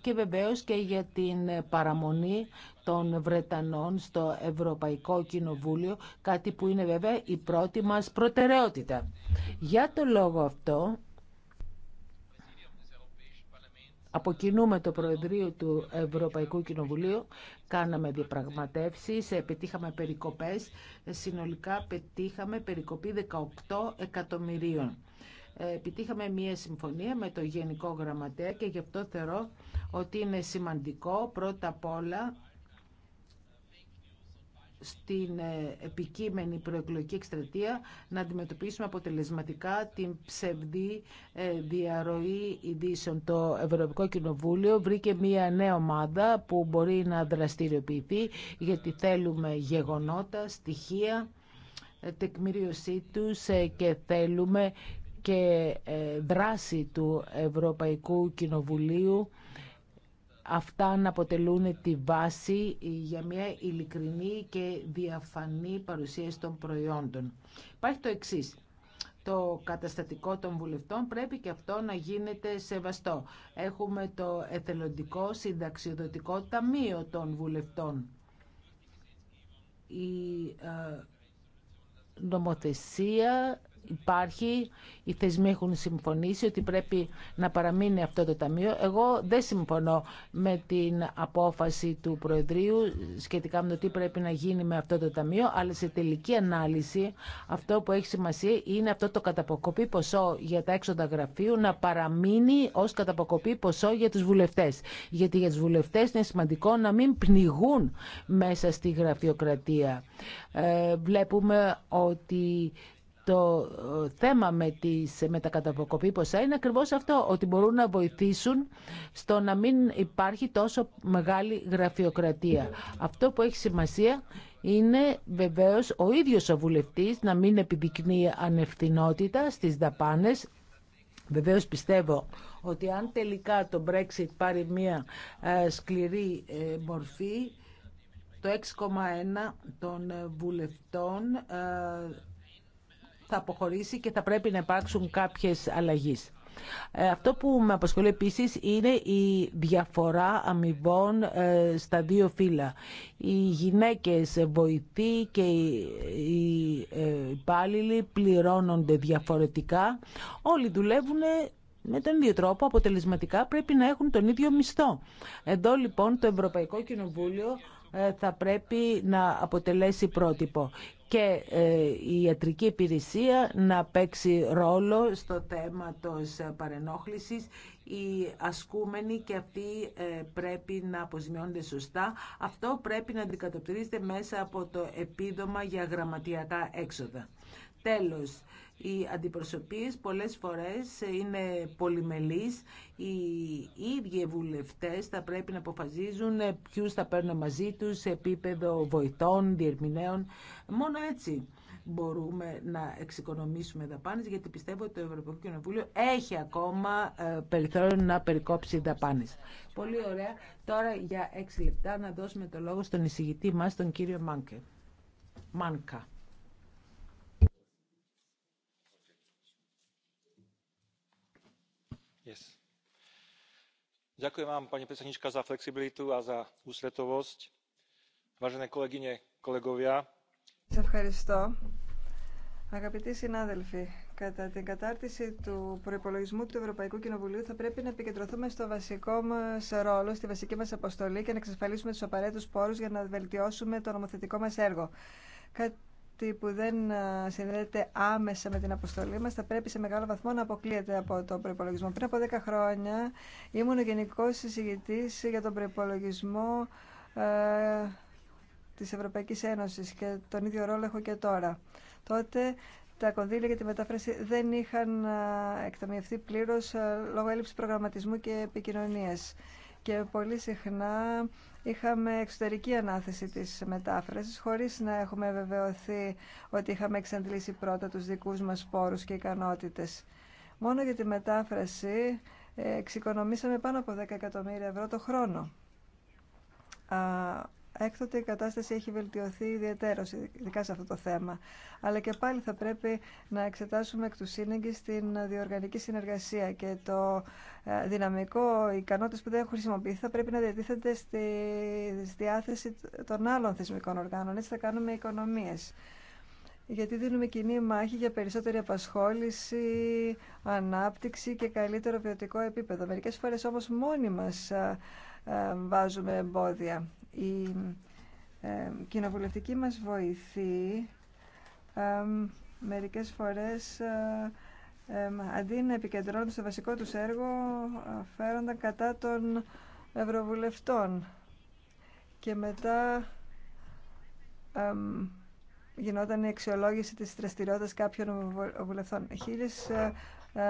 και βεβαίως και για την παραμονή των Βρετανών στο Ευρωπαϊκό Κοινοβούλιο, κάτι που είναι βέβαια η πρώτη μας προτεραιότητα. Για το λόγο αυτό, αποκινούμε το Προεδρείο του Ευρωπαϊκού Κοινοβουλίου, κάναμε διαπραγματεύσεις, πετύχαμε περικοπές, συνολικά πετύχαμε περικοπή 18 εκατομμυρίων. Ε, επιτύχαμε μία συμφωνία με το Γενικό Γραμματέα και γι' αυτό θεωρώ ότι είναι σημαντικό πρώτα απ' όλα στην ε, επικείμενη προεκλογική εκστρατεία να αντιμετωπίσουμε αποτελεσματικά την ψευδή ε, διαρροή ειδήσεων. Το Ευρωπαϊκό Κοινοβούλιο βρήκε μια νέα ομάδα που μπορεί να δραστηριοποιηθεί γιατί θέλουμε γεγονότα, στοιχεία, τεκμηρίωσή τους και θέλουμε και ε, δράση του Ευρωπαϊκού Κοινοβουλίου αυτά να αποτελούν τη βάση για μια ειλικρινή και διαφανή παρουσίαση των προϊόντων. Υπάρχει το εξής. Το καταστατικό των βουλευτών πρέπει και αυτό να γίνεται σεβαστό. Έχουμε το εθελοντικό συνταξιοδοτικό ταμείο των βουλευτών. Η ε, νομοθεσία υπάρχει, οι θεσμοί έχουν συμφωνήσει ότι πρέπει να παραμείνει αυτό το ταμείο. Εγώ δεν συμφωνώ με την απόφαση του Προεδρείου σχετικά με το τι πρέπει να γίνει με αυτό το ταμείο, αλλά σε τελική ανάλυση αυτό που έχει σημασία είναι αυτό το καταποκοπή ποσό για τα έξοδα γραφείου να παραμείνει ως καταποκοπή ποσό για τους βουλευτές. Γιατί για τους βουλευτές είναι σημαντικό να μην πνιγούν μέσα στη γραφειοκρατία. Ε, βλέπουμε ότι το ε, θέμα με, τις, με τα καταποκοπή ποσά είναι ακριβώς αυτό, ότι μπορούν να βοηθήσουν στο να μην υπάρχει τόσο μεγάλη γραφειοκρατία. Αυτό που έχει σημασία είναι βεβαίως ο ίδιος ο βουλευτής να μην επιδεικνύει ανευθυνότητα στις δαπάνες. Βεβαίως πιστεύω ότι αν τελικά το Brexit πάρει μια ε, σκληρή ε, μορφή, το 6,1 των βουλευτών θα αποχωρήσει και θα πρέπει να υπάρξουν κάποιες αλλαγές. Ε, αυτό που με απασχολεί επίση είναι η διαφορά αμοιβών ε, στα δύο φύλλα. Οι γυναίκες βοηθοί και οι ε, υπάλληλοι πληρώνονται διαφορετικά. Όλοι δουλεύουν με τον ίδιο τρόπο αποτελεσματικά πρέπει να έχουν τον ίδιο μισθό. Εδώ λοιπόν το Ευρωπαϊκό Κοινοβούλιο ε, θα πρέπει να αποτελέσει πρότυπο και ε, η ιατρική υπηρεσία να παίξει ρόλο στο θέμα της παρενόχλησης. Οι ασκούμενοι και αυτοί ε, πρέπει να αποζημιώνονται σωστά. Αυτό πρέπει να αντικατοπτρίζεται μέσα από το επίδομα για γραμματιακά έξοδα. Τέλος, οι αντιπροσωπείες πολλές φορές είναι πολυμελείς. Οι ίδιοι βουλευτές θα πρέπει να αποφασίζουν ποιους θα παίρνουν μαζί τους σε επίπεδο βοητών, διερμηνέων. Μόνο έτσι μπορούμε να εξοικονομήσουμε δαπάνες, γιατί πιστεύω ότι το Ευρωπαϊκό Κοινοβούλιο έχει ακόμα ε, περιθώριο να περικόψει δαπάνες. Πολύ ωραία. Τώρα για έξι λεπτά να δώσουμε το λόγο στον εισηγητή μας, τον κύριο Μάνκα. ďakujem vám pani predsedníčka za flexibilitu a za ústretovosť. vážené kolegyne kolegovia ευχαριστώ. Αγαπητοί συνάδελφοι, κατά την κατάρτιση του προπολογισμού του Ευρωπαϊκού Κοινοβουλίου θα πρέπει να επικεντρωθούμε στο βασικό μας ρόλο, στη βασική μας αποστολή και να εξασφαλίσουμε τους απαραίτητους πόρους για να βελτιώσουμε το νομοθετικό μας έργο που δεν ε, συνδέεται άμεσα με την αποστολή μας θα πρέπει σε μεγάλο βαθμό να αποκλείεται από τον προπολογισμό. Πριν από 10 χρόνια ήμουν ο γενικός συζητητής για τον προπολογισμό ε, της Ευρωπαϊκής Ένωσης και τον ίδιο ρόλο έχω και τώρα. Τότε τα κονδύλια για τη μετάφραση δεν είχαν ε, εκταμιευθεί πλήρως ε, λόγω έλλειψης προγραμματισμού και επικοινωνία και πολύ συχνά είχαμε εξωτερική ανάθεση της μετάφρασης χωρίς να έχουμε βεβαιωθεί ότι είχαμε εξαντλήσει πρώτα τους δικούς μας πόρους και ικανότητες. Μόνο για τη μετάφραση ε, εξοικονομήσαμε πάνω από 10 εκατομμύρια ευρώ το χρόνο. Έκτοτε η κατάσταση έχει βελτιωθεί ιδιαίτερω, ειδικά σε αυτό το θέμα. Αλλά και πάλι θα πρέπει να εξετάσουμε εκ του σύνεγγυ την διοργανική συνεργασία και το ε, δυναμικό, οι ικανότητε που δεν έχουν χρησιμοποιηθεί θα πρέπει να διατίθενται στη διάθεση των άλλων θεσμικών οργάνων. Έτσι θα κάνουμε οικονομίε. Γιατί δίνουμε κοινή μάχη για περισσότερη απασχόληση, ανάπτυξη και καλύτερο βιωτικό επίπεδο. Μερικέ φορέ όμω μόνοι μα ε, ε, βάζουμε εμπόδια. Η ε, κοινοβουλευτική μας βοηθή ε, μερικές φορές ε, αντί να επικεντρώνονται στο βασικό τους έργο φέρονταν κατά των ευρωβουλευτών και μετά γινόταν η αξιολόγηση της δραστηριότητα κάποιων βουλευτών. 1.700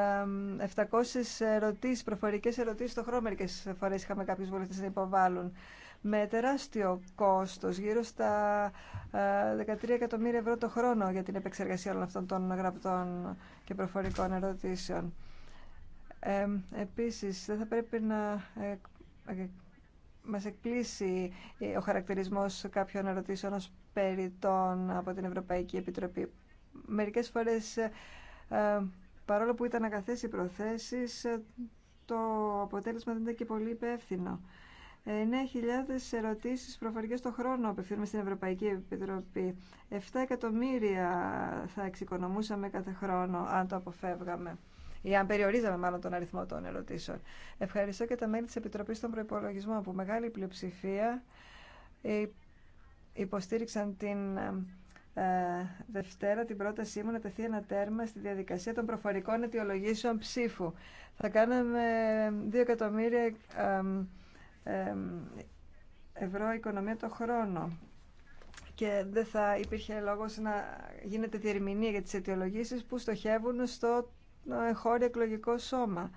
ερωτήσεις, προφορικές ερωτήσεις το χρόνο μερικές φορές είχαμε κάποιους βουλευτές να υποβάλουν με τεράστιο κόστος, γύρω στα 13 ε, εκατομμύρια ευρώ το χρόνο για την επεξεργασία όλων αυτών των γραπτών και προφορικών ερωτήσεων. Ε, επίσης, δεν θα πρέπει να ε, ε, μας εκπλήσει ο χαρακτηρισμός κάποιων ερωτήσεων ως περιττών από την Ευρωπαϊκή Επιτροπή. Μερικές φορές, παρόλο που ήταν αγαθές οι προθέσεις, το αποτέλεσμα δεν ήταν και πολύ υπεύθυνο. 9.000 ερωτήσεις προφορικές το χρόνο απευθύνουμε στην Ευρωπαϊκή Επιτροπή. 7 εκατομμύρια θα εξοικονομούσαμε κάθε χρόνο αν το αποφεύγαμε ή αν περιορίζαμε μάλλον τον αριθμό των ερωτήσεων. Ευχαριστώ και τα μέλη της Επιτροπής των Προϋπολογισμών που μεγάλη πλειοψηφία ε, υποστήριξαν την ε, Δευτέρα την πρότασή μου να τεθεί ένα τέρμα στη διαδικασία των προφορικών αιτιολογήσεων ψήφου. Θα κάναμε 2 εκατομμύρια ε, ευρώ οικονομία το χρόνο και δεν θα υπήρχε λόγος να γίνεται διερμηνία για τις αιτιολογήσεις που στοχεύουν στο ε, χώρο εκλογικό σώμα.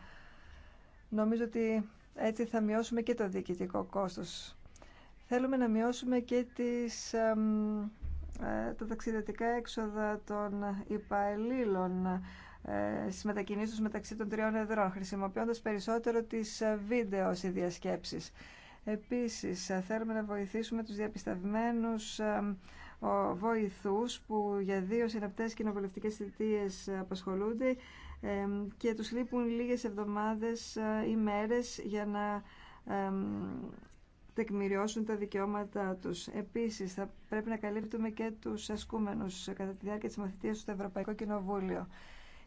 Νομίζω ότι έτσι θα μειώσουμε και το διοικητικό κόστος. Θέλουμε να μειώσουμε και τις, ε, τα ταξιδιωτικά έξοδα των υπαλλήλων ε, στις μετακινήσεις μεταξύ των τριών εδρών, χρησιμοποιώντας περισσότερο τις ε, βίντεο διασκέψεις. Επίσης, ε, θέλουμε να βοηθήσουμε τους διαπιστευμένους βοηθούς που για δύο συναπτές κοινοβουλευτικές θητείε απασχολούνται και τους λείπουν λίγες εβδομάδες ή μέρες για να τεκμηριώσουν τα δικαιώματά τους. Επίσης, θα πρέπει να καλύπτουμε και τους ασκούμενους κατά τη διάρκεια της μαθητείας στο Ευρωπαϊκό Κοινοβούλιο.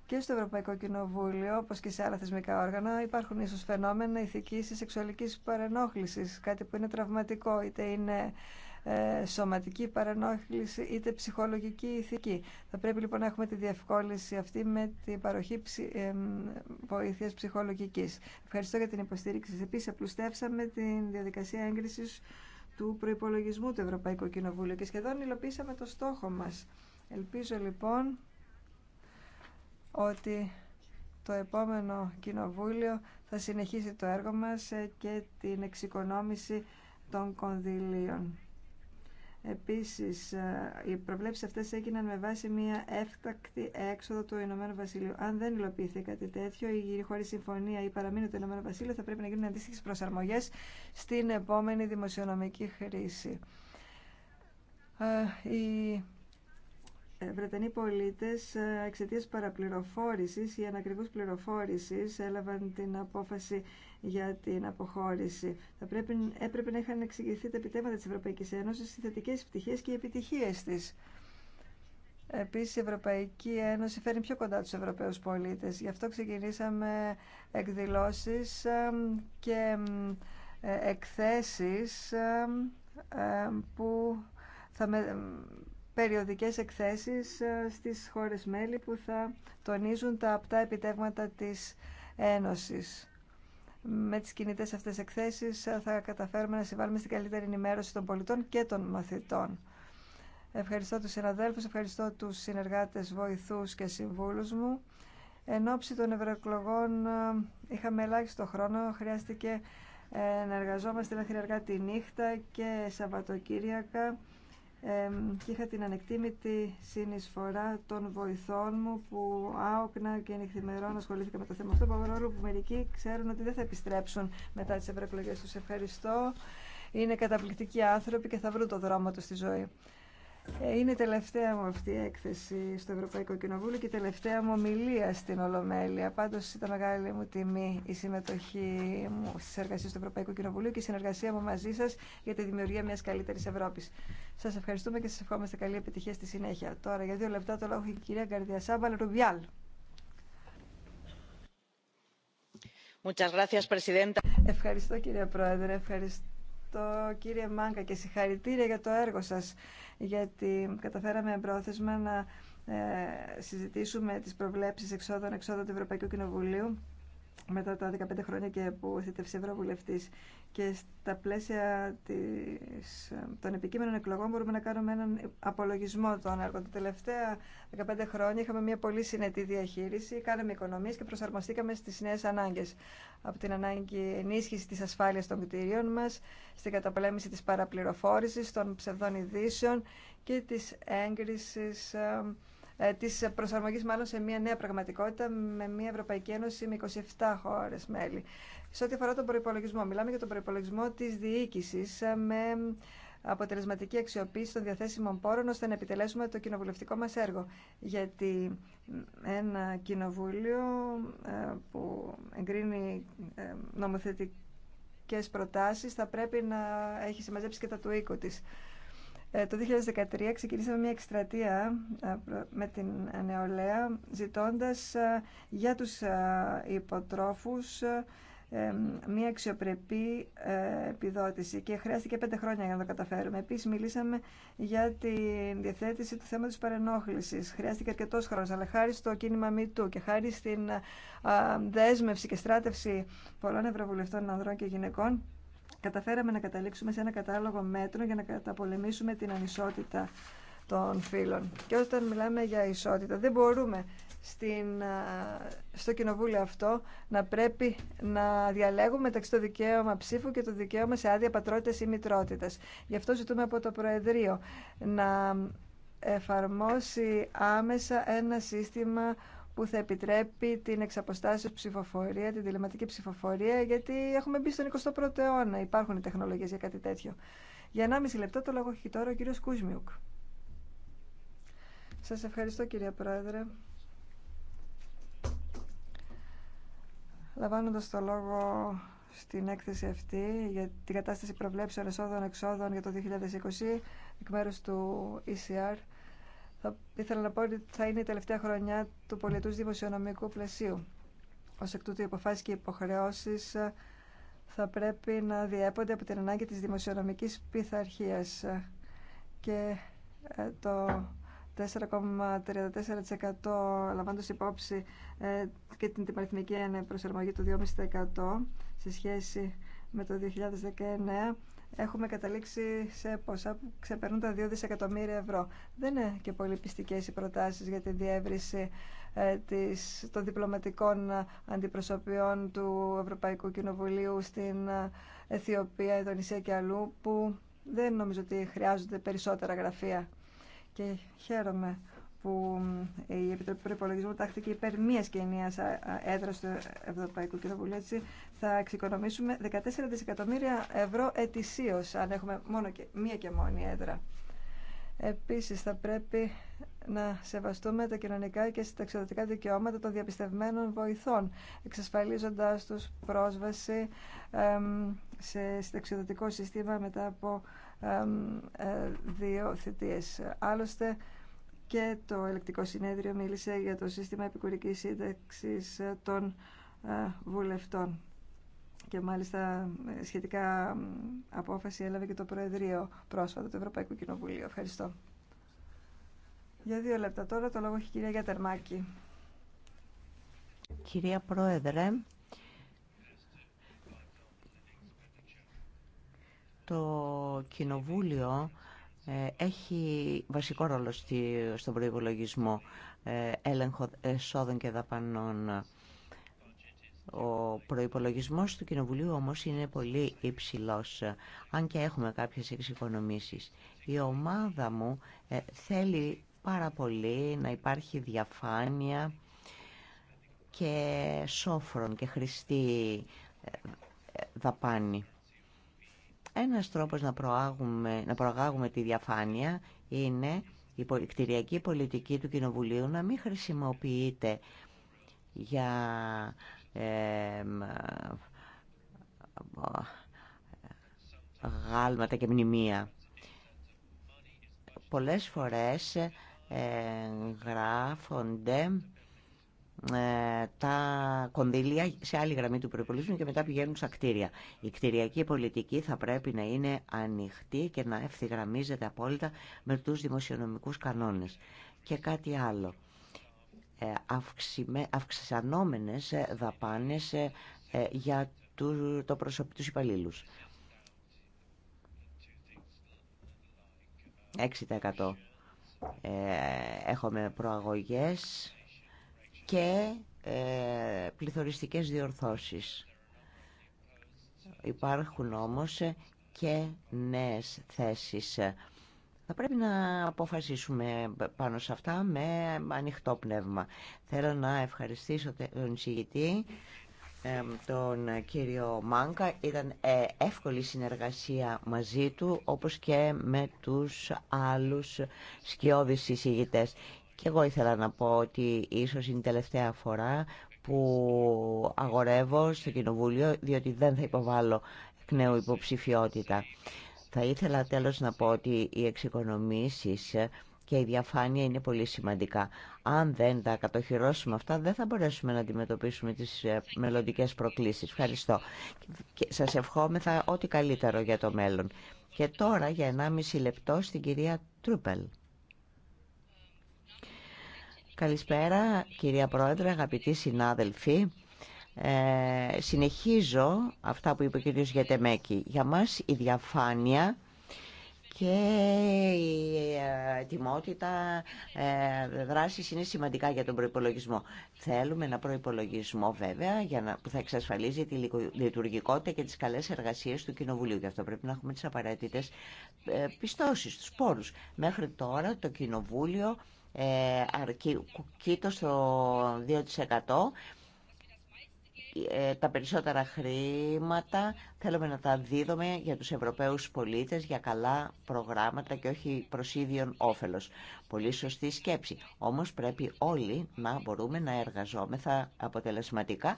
Και στο Ευρωπαϊκό Κοινοβούλιο, όπω και σε άλλα θεσμικά όργανα, υπάρχουν ίσω φαινόμενα ηθικής ή σεξουαλικής παρενόχληση. κάτι που είναι τραυματικό, είτε είναι ε, σωματική παρενόχληση είτε ψυχολογική ηθική. Θα πρέπει λοιπόν να έχουμε τη διευκόλυνση αυτή με την παροχή ε, βοήθειας ψυχολογικής. Ευχαριστώ για την υποστήριξη. Επίση απλουστεύσαμε τη διαδικασία έγκριση του προπολογισμού του Ευρωπαϊκού Κοινοβούλιο και σχεδόν υλοποίησαμε το στόχο μα. Ελπίζω λοιπόν ότι το επόμενο κοινοβούλιο θα συνεχίσει το έργο μας ε, και την εξοικονόμηση των κονδυλίων. Επίσης, ε, οι προβλέψεις αυτές έγιναν με βάση μια έφτακτη έξοδο του Ηνωμένου Βασιλείου. Αν δεν υλοποιηθεί κάτι τέτοιο ή χωρί συμφωνία ή παραμείνει το Ηνωμένο Βασίλειο, θα πρέπει να γίνουν αντίστοιχε προσαρμογές στην επόμενη δημοσιονομική χρήση. Ε, η χωρίς συμφωνια η παραμεινει το ηνωμενο βασιλειο θα πρεπει να γινουν αντιστοιχε προσαρμογες στην επομενη δημοσιονομικη χρηση η ε, Βρετανοί πολίτες ε, εξαιτία παραπληροφόρησης ή ανακριβούς πληροφόρηση έλαβαν την απόφαση για την αποχώρηση. Θα πρέπει, έπρεπε να είχαν εξηγηθεί τα επιτέματα της Ευρωπαϊκής Ένωσης, οι θετικέ πτυχέ και οι επιτυχίες της. Επίσης, η Ευρωπαϊκή Ένωση φέρνει πιο κοντά τους Ευρωπαίους πολίτες. Γι' αυτό ξεκινήσαμε εκδηλώσει και ε, εκθέσει που θα με, περιοδικές εκθέσεις ε, στις χώρες μέλη που θα τονίζουν τα απτά επιτεύγματα της Ένωσης. Με τις κινητές αυτές εκθέσεις ε, θα καταφέρουμε να συμβάλλουμε στην καλύτερη ενημέρωση των πολιτών και των μαθητών. Ευχαριστώ τους συναδέλφους, ευχαριστώ τους συνεργάτες, βοηθούς και συμβούλους μου. Εν ώψη των ευρωεκλογών ε, είχαμε ελάχιστο χρόνο, χρειάστηκε να εργαζόμαστε μέχρι αργά τη νύχτα και Σαββατοκύριακα και είχα την ανεκτήμητη συνεισφορά των βοηθών μου που άοκνα και νυχθημερών ασχολήθηκα με το θέμα αυτό παρόλο που μερικοί ξέρουν ότι δεν θα επιστρέψουν μετά τις ευρωεκλογές τους. Ευχαριστώ. Είναι καταπληκτικοί άνθρωποι και θα βρουν το δρόμο τους στη ζωή. Ε, είναι τελευταία μου αυτή η έκθεση στο Ευρωπαϊκό Κοινοβούλιο και τελευταία μου ομιλία στην Ολομέλεια. Πάντω ήταν μεγάλη μου τιμή η συμμετοχή μου στι εργασίε του Ευρωπαϊκού Κοινοβουλίου και η συνεργασία μου μαζί σα για τη δημιουργία μια καλύτερη Ευρώπη. Σα ευχαριστούμε και σα ευχόμαστε καλή επιτυχία στη συνέχεια. Τώρα για δύο λεπτά το λόγο η κυρία gracias, Ρουβιάλ. Ευχαριστώ κυρία Πρόεδρε, το κύριε Μάνκα και συγχαρητήρια για το έργο σας γιατί καταφέραμε εμπρόθεσμα να ε, συζητήσουμε τις προβλέψεις εξόδων-εξόδων του Ευρωπαϊκού Κοινοβουλίου μετά τα 15 χρόνια και που θέτευσε ευρωβουλευτή. Και στα πλαίσια της, των επικείμενων εκλογών μπορούμε να κάνουμε έναν απολογισμό των έργων. Τα τελευταία 15 χρόνια είχαμε μια πολύ συνετή διαχείριση, κάναμε οικονομίες και προσαρμοστήκαμε στις νέες ανάγκες. Από την ανάγκη ενίσχυση της ασφάλειας των κτίριων μας, στην καταπολέμηση της παραπληροφόρησης, των ψευδών ειδήσεων και της έγκρισης ε, ε, τη προσαρμογή, μάλλον σε μια νέα πραγματικότητα με μια Ευρωπαϊκή Ένωση με 27 χώρε μέλη. Σε ό,τι αφορά τον προπολογισμό, μιλάμε για τον προπολογισμό τη διοίκηση ε, με αποτελεσματική αξιοποίηση των διαθέσιμων πόρων ώστε να επιτελέσουμε το κοινοβουλευτικό μας έργο. Γιατί ένα κοινοβούλιο ε, που εγκρίνει νομοθετικές προτάσεις θα πρέπει να έχει συμμαζέψει και τα του οίκου της. Ε, το 2013 ξεκινήσαμε μια εκστρατεία ε, με την νεολαία ζητώντας ε, για τους υποτρόφους μια αξιοπρεπή επιδότηση και χρειάστηκε πέντε χρόνια για να το καταφέρουμε. Επίσης μιλήσαμε για τη διαθέτηση του θέματος παρενόχλησης. Χρειάστηκε αρκετό χρόνος, αλλά χάρη στο κίνημα MeToo και χάρη στην δέσμευση και στράτευση πολλών ευρωβουλευτών ανδρών και γυναικών καταφέραμε να καταλήξουμε σε ένα κατάλογο μέτρων για να καταπολεμήσουμε την ανισότητα των φύλων. Και όταν μιλάμε για ισότητα, δεν μπορούμε στην, στο κοινοβούλιο αυτό να πρέπει να διαλέγουμε μεταξύ το δικαίωμα ψήφου και το δικαίωμα σε άδεια πατρότητας ή μητρότητας. Γι' αυτό ζητούμε από το Προεδρείο να εφαρμόσει άμεσα ένα σύστημα που θα επιτρέπει την εξαποστάσεως ψηφοφορία, την τηλεματική ψηφοφορία, γιατί έχουμε μπει στον 21ο αιώνα, υπάρχουν οι τεχνολογίες για κάτι τέτοιο. Για 1,5 λεπτό το λόγο έχει τώρα ο κύριος Κούσμιουκ. Σας ευχαριστώ κύριε Πρόεδρε. Λαμβάνοντας το λόγο στην έκθεση αυτή για την κατάσταση προβλέψεων εσόδων-εξόδων για το 2020 εκ μέρους του ECR, θα ήθελα να πω ότι θα είναι η τελευταία χρονιά του πολιτού δημοσιονομικού πλαισίου. Ω εκ τούτου οι αποφάσεις και οι υποχρεώσει ε, θα πρέπει να διέπονται από την ανάγκη τη δημοσιονομική πειθαρχία και ε, το 4,34% λαμβάνοντα υπόψη ε, και την τιμαριθμική προσαρμογή του 2,5% σε σχέση με το 2019 έχουμε καταλήξει σε ποσά που ξεπερνούν τα 2 δισεκατομμύρια ευρώ. Δεν είναι και πολύ πιστικέ οι προτάσει για τη διεύρυνση ε, της, των διπλωματικών αντιπροσωπιών του Ευρωπαϊκού Κοινοβουλίου στην ε, Αιθιοπία, Ιδονησία και αλλού, που δεν νομίζω ότι χρειάζονται περισσότερα γραφεία. Και χαίρομαι που η Επιτροπή Προπολογισμού τάχθηκε υπέρ μια και έδρα του Ευρωπαϊκού Κοινοβουλίου. Έτσι, θα εξοικονομήσουμε 14 δισεκατομμύρια ευρώ ετησίω, αν έχουμε μόνο και μία και μόνη έδρα. Επίσης, θα πρέπει να σεβαστούμε τα κοινωνικά και συνταξιδοτικά δικαιώματα των διαπιστευμένων βοηθών, εξασφαλίζοντα του πρόσβαση σε συνταξιδοτικό σύστημα μετά από ε, δύο θητείες. Άλλωστε, και το ελεκτικό συνέδριο μίλησε για το σύστημα επικουρικής σύνταξης των ε, βουλευτών. Και μάλιστα ε, σχετικά απόφαση έλαβε και το Προεδρείο πρόσφατα του Ευρωπαϊκού Κοινοβουλίου. Ευχαριστώ. Για δύο λεπτά τώρα το λόγο έχει η κυρία Γιατερμάκη. Κυρία Πρόεδρε, το Κοινοβούλιο ε, έχει βασικό ρόλο στον προϋπολογισμό ε, έλεγχο εσόδων και δαπανών. Ο προϋπολογισμός του Κοινοβουλίου όμως είναι πολύ υψηλός, αν και έχουμε κάποιες εξοικονομήσεις. Η ομάδα μου ε, θέλει πάρα πολύ να υπάρχει διαφάνεια και σόφρον και χρηστή δαπάνη. Ένας τρόπος να, προάγουμε, να προαγάγουμε τη διαφάνεια είναι η κτηριακή πολιτική του Κοινοβουλίου να μην χρησιμοποιείται για γάλματα και μνημεία. Πολλές φορές ε, γράφονται ε, τα κονδύλια σε άλλη γραμμή του προπολογισμού και μετά πηγαίνουν στα κτίρια. Η κτηριακή πολιτική θα πρέπει να είναι ανοιχτή και να ευθυγραμμίζεται απόλυτα με τους δημοσιονομικούς κανόνες. Και κάτι άλλο. Ε, αυξανόμενες δαπάνες ε, για το προσωπικό τους υπαλλήλους. 6% έχουμε προαγωγές και ε, πληθωριστικές διορθώσεις. Υπάρχουν όμως και νέες θέσεις. Θα πρέπει να αποφασίσουμε πάνω σε αυτά με ανοιχτό πνεύμα. Θέλω να ευχαριστήσω τον συγητή, τον κύριο Μάνκα. Ήταν ε, εύκολη συνεργασία μαζί του, όπως και με τους άλλους σκιώδεις συγητές. Και εγώ ήθελα να πω ότι ίσως είναι η τελευταία φορά που αγορεύω στο Κοινοβούλιο, διότι δεν θα υποβάλω εκ νέου υποψηφιότητα. Θα ήθελα τέλος να πω ότι οι εξοικονομήσεις και η διαφάνεια είναι πολύ σημαντικά. Αν δεν τα κατοχυρώσουμε αυτά, δεν θα μπορέσουμε να αντιμετωπίσουμε τις ε, μελλοντικές προκλήσεις. Ευχαριστώ. Και σας ευχόμεθα ό,τι καλύτερο για το μέλλον. Και τώρα για 1,5 λεπτό στην κυρία Τρούπελ. Καλησπέρα κυρία Πρόεδρε, αγαπητοί συνάδελφοι. Ε, συνεχίζω αυτά που είπε ο κύριος Γιατεμέκη. Για μας η διαφάνεια και η ε, ετοιμότητα ε, δράσης είναι σημαντικά για τον προϋπολογισμό. Θέλουμε ένα προϋπολογισμό βέβαια για να, που θα εξασφαλίζει τη λειτουργικότητα και τις καλές εργασίες του Κοινοβουλίου. Γι' αυτό πρέπει να έχουμε τις απαραίτητες ε, πιστώσεις, τους πόρους. Μέχρι τώρα το Κοινοβούλιο ε, αρκεί στο 2% ε, τα περισσότερα χρήματα θέλουμε να τα δίδουμε για τους Ευρωπαίους πολίτες για καλά προγράμματα και όχι προς ίδιον όφελος. Πολύ σωστή σκέψη. Όμως πρέπει όλοι να μπορούμε να εργαζόμεθα αποτελεσματικά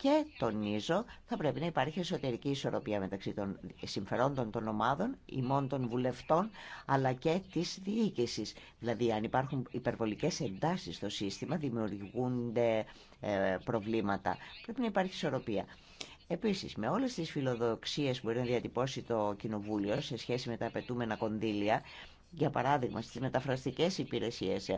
και τονίζω θα πρέπει να υπάρχει εσωτερική ισορροπία μεταξύ των συμφερόντων των ομάδων, ημών των βουλευτών, αλλά και της διοίκησης. Δηλαδή αν υπάρχουν υπερβολικές εντάσεις στο σύστημα δημιουργούνται ε, προβλήματα. Πρέπει να υπάρχει ισορροπία. Επίσης, με όλες τις φιλοδοξίες που μπορεί να διατυπώσει το Κοινοβούλιο σε σχέση με τα απαιτούμενα κονδύλια, για παράδειγμα στις μεταφραστικές υπηρεσίες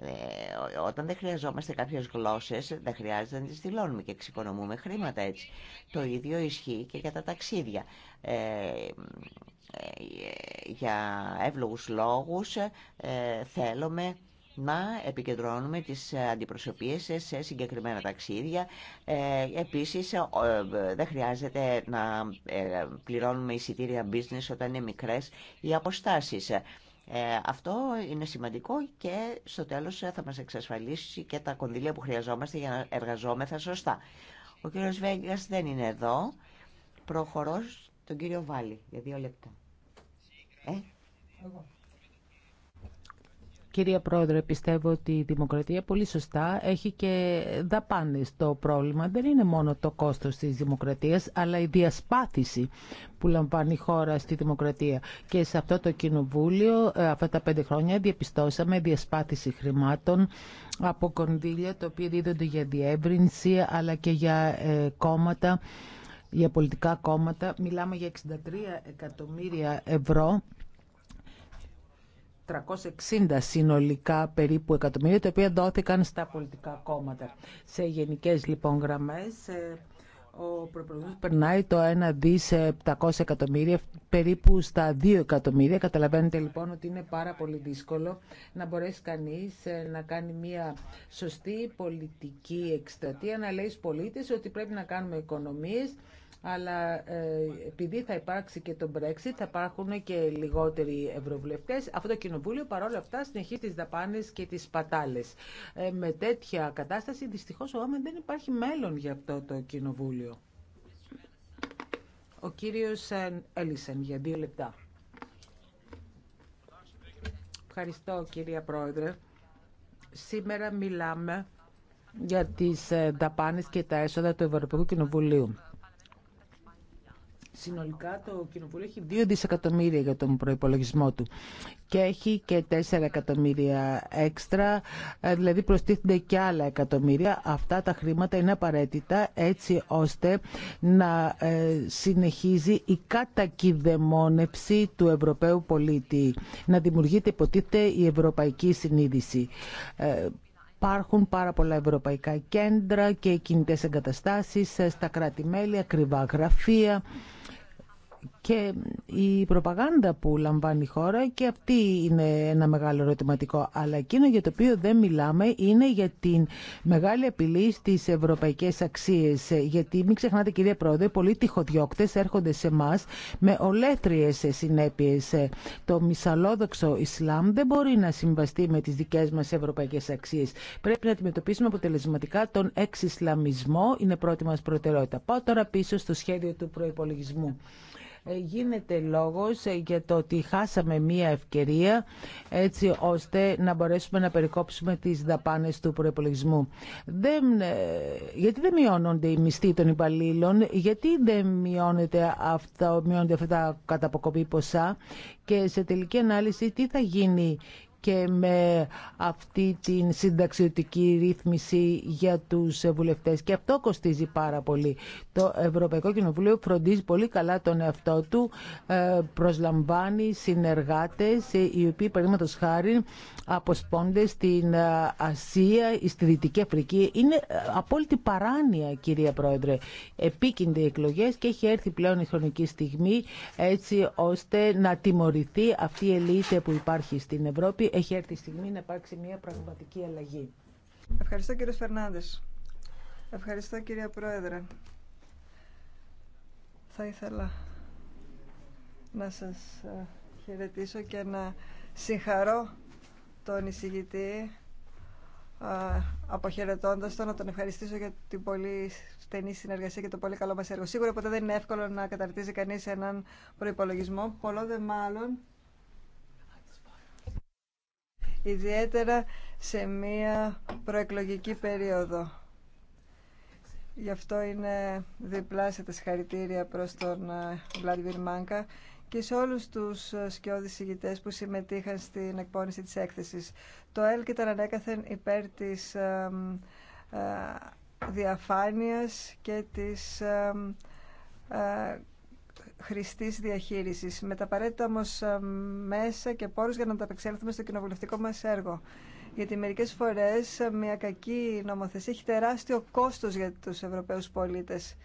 ε, όταν δεν χρειαζόμαστε κάποιες γλώσσες δεν χρειάζεται να τι δηλώνουμε και εξοικονομούμε χρήματα έτσι. Το ίδιο ισχύει και για τα ταξίδια. Ε, ε για εύλογους λόγους ε, θέλουμε να επικεντρώνουμε τις αντιπροσωπείες σε συγκεκριμένα ταξίδια. Ε, επίσης, ε, δεν χρειάζεται να πληρώνουμε εισιτήρια business όταν είναι μικρές οι αποστάσεις. Ε, αυτό είναι σημαντικό και στο τέλος ε, θα μας εξασφαλίσει και τα κονδύλια που χρειαζόμαστε για να εργαζόμεθα σωστά. Ο κύριος Βέγγας δεν είναι εδώ. Προχωρώ τον κύριο Βάλλη για δύο λεπτά. Ε? Κυρία Πρόεδρε, πιστεύω ότι η δημοκρατία πολύ σωστά έχει και δαπάνε το πρόβλημα. Δεν είναι μόνο το κόστος της δημοκρατίας, αλλά η διασπάθηση που λαμβάνει η χώρα στη δημοκρατία. Και σε αυτό το κοινοβούλιο ε, αυτά τα πέντε χρόνια διαπιστώσαμε διασπάθηση χρημάτων από κονδύλια, τα οποία δίδονται για διεύρυνση, αλλά και για ε, κόμματα, για πολιτικά κόμματα. Μιλάμε για 63 εκατομμύρια ευρώ 360 συνολικά περίπου εκατομμύρια, τα οποία δόθηκαν στα πολιτικά κόμματα. Σε γενικές λοιπόν γραμμές, ε, ο προπολογισμό περνάει το 1 δις 700 εκατομμύρια, περίπου στα 2 εκατομμύρια. Καταλαβαίνετε λοιπόν ότι είναι πάρα πολύ δύσκολο να μπορέσει κανείς ε, να κάνει μια σωστή πολιτική εκστρατεία, να λέει στους πολίτες ότι πρέπει να κάνουμε οικονομίες αλλά ε, επειδή θα υπάρξει και το Brexit θα υπάρχουν και λιγότεροι ευρωβουλευτές. Αυτό το κοινοβούλιο παρόλα αυτά συνεχίζει τις δαπάνες και τις πατάλες. Ε, με τέτοια κατάσταση δυστυχώς ο δεν υπάρχει μέλλον για αυτό το κοινοβούλιο. Ο κύριος ε, Έλισεν για δύο λεπτά. Ευχαριστώ κυρία Πρόεδρε. Σήμερα μιλάμε για τις δαπάνες και τα έσοδα του Ευρωπαϊκού Κοινοβουλίου. Συνολικά το Κοινοβούλιο έχει 2 δισεκατομμύρια για τον προϋπολογισμό του και έχει και 4 εκατομμύρια έξτρα, ε, δηλαδή προστίθενται και άλλα εκατομμύρια. Αυτά τα χρήματα είναι απαραίτητα έτσι ώστε να ε, συνεχίζει η κατακυδεμόνευση του Ευρωπαίου πολίτη, να δημιουργείται υποτίθεται η ευρωπαϊκή συνείδηση. Ε, Υπάρχουν πάρα πολλά ευρωπαϊκά κέντρα και κινητές εγκαταστάσεις ε, στα κράτη-μέλη, ακριβά γραφεία και η προπαγάνδα που λαμβάνει η χώρα και αυτή είναι ένα μεγάλο ερωτηματικό. Αλλά εκείνο για το οποίο δεν μιλάμε είναι για την μεγάλη απειλή στις ευρωπαϊκές αξίες. Γιατί μην ξεχνάτε κυρία Πρόεδρε, πολλοί τυχοδιώκτες έρχονται σε εμά με ολέτριες συνέπειες. Το μυσαλόδοξο Ισλάμ δεν μπορεί να συμβαστεί με τις δικές μας ευρωπαϊκές αξίες. Πρέπει να αντιμετωπίσουμε αποτελεσματικά τον εξισλαμισμό, είναι πρώτη μας προτεραιότητα. Πάω τώρα πίσω στο σχέδιο του προϋπολογισμού γίνεται λόγος για το ότι χάσαμε μία ευκαιρία έτσι ώστε να μπορέσουμε να περικόψουμε τις δαπάνες του προϋπολογισμού. Δεν, ε, γιατί δεν μειώνονται οι μισθοί των υπαλλήλων, γιατί δεν μειώνεται αυτά, μειώνονται αυτά τα καταποκοπή ποσά και σε τελική ανάλυση τι θα γίνει και με αυτή την συνταξιωτική ρύθμιση για τους βουλευτές. Και αυτό κοστίζει πάρα πολύ. Το Ευρωπαϊκό Κοινοβούλιο φροντίζει πολύ καλά τον εαυτό του, ε, προσλαμβάνει συνεργάτες ε, οι οποίοι παραδείγματο χάρη αποσπώνται στην ε, Ασία, στη Δυτική Αφρική. Είναι απόλυτη παράνοια κυρία Πρόεδρε. Επίκυνται οι εκλογές και έχει έρθει πλέον η χρονική στιγμή έτσι ώστε να τιμωρηθεί αυτή η ελίτε που υπάρχει στην Ευρώπη έχει έρθει η στιγμή να υπάρξει μια πραγματική αλλαγή. Ευχαριστώ κύριε Φερνάνδες. Ευχαριστώ κύριε Πρόεδρε. Θα ήθελα να σας ε, χαιρετήσω και να συγχαρώ τον εισηγητή ε, αποχαιρετώντα τον, να τον ευχαριστήσω για την πολύ στενή συνεργασία και το πολύ καλό μα έργο. Σίγουρα ποτέ δεν είναι εύκολο να καταρτίζει κανεί έναν προπολογισμό, πολλό δε μάλλον ιδιαίτερα σε μία προεκλογική περίοδο. Γι' αυτό είναι διπλάσια τα συγχαρητήρια προς τον ε, Βλαντιβίρ Μάνκα και σε όλους τους ε, σκιώδεις που συμμετείχαν στην εκπόνηση της έκθεσης. Το ΕΛΚ ήταν ανέκαθεν υπέρ της ε, διαφάνειας και της Χρηστή διαχείριση. με τα απαραίτητα όμω ε, μέσα και πόρους για να τα στο κοινοβουλευτικό μας έργο. Γιατί μερικές φορές ε, μια κακή νομοθεσία έχει τεράστιο κόστος για τους Ευρωπαίους πολίτες.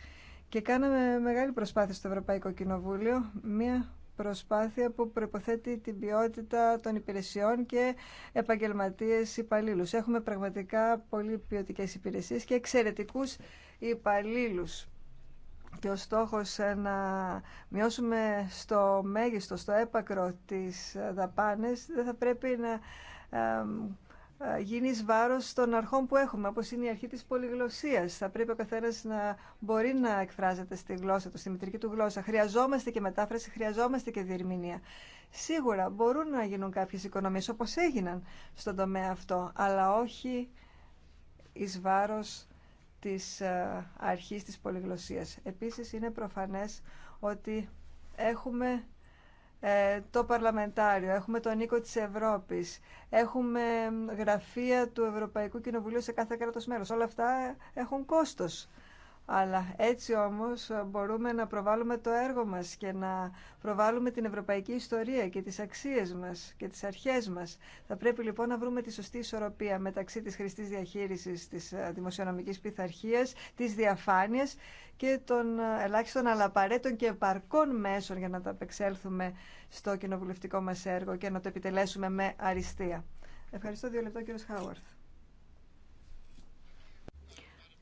Και κάναμε μεγάλη προσπάθεια στο Ευρωπαϊκό Κοινοβούλιο, μια προσπάθεια που προϋποθέτει την ποιότητα των υπηρεσιών και επαγγελματίες υπαλλήλους. Έχουμε πραγματικά πολύ ποιοτικέ υπηρεσίες και εξαιρετικούς υπαλλήλου και ο στόχος να μειώσουμε στο μέγιστο, στο έπακρο τις δαπάνες δεν θα πρέπει να ε, γίνει βάρος των αρχών που έχουμε, όπως είναι η αρχή της πολυγλωσσίας. Θα πρέπει ο καθένας να μπορεί να εκφράζεται στη γλώσσα του, στη μητρική του γλώσσα. Χρειαζόμαστε και μετάφραση, χρειαζόμαστε και διερμηνία. Σίγουρα μπορούν να γίνουν κάποιες οικονομίες, όπως έγιναν στον τομέα αυτό, αλλά όχι εις βάρος της ε, αρχής της πολυγλωσσίας. Επίσης είναι προφανές ότι έχουμε ε, το Παρλαμεντάριο, έχουμε τον Νίκο της Ευρώπης, έχουμε γραφεία του Ευρωπαϊκού Κοινοβουλίου σε κάθε κράτος μέλος. Όλα αυτά έχουν κόστος. Αλλά έτσι όμως μπορούμε να προβάλλουμε το έργο μας και να προβάλλουμε την ευρωπαϊκή ιστορία και τις αξίες μας και τις αρχές μας. Θα πρέπει λοιπόν να βρούμε τη σωστή ισορροπία μεταξύ της χρηστής διαχείρισης της ε, δημοσιονομικής πειθαρχία, της διαφάνειας και των ε, ελάχιστων αλλά απαραίτητων και επαρκών μέσων για να τα απεξέλθουμε στο κοινοβουλευτικό μας έργο και να το επιτελέσουμε με αριστεία. Ευχαριστώ δύο λεπτά κύριος Χάουαρθ.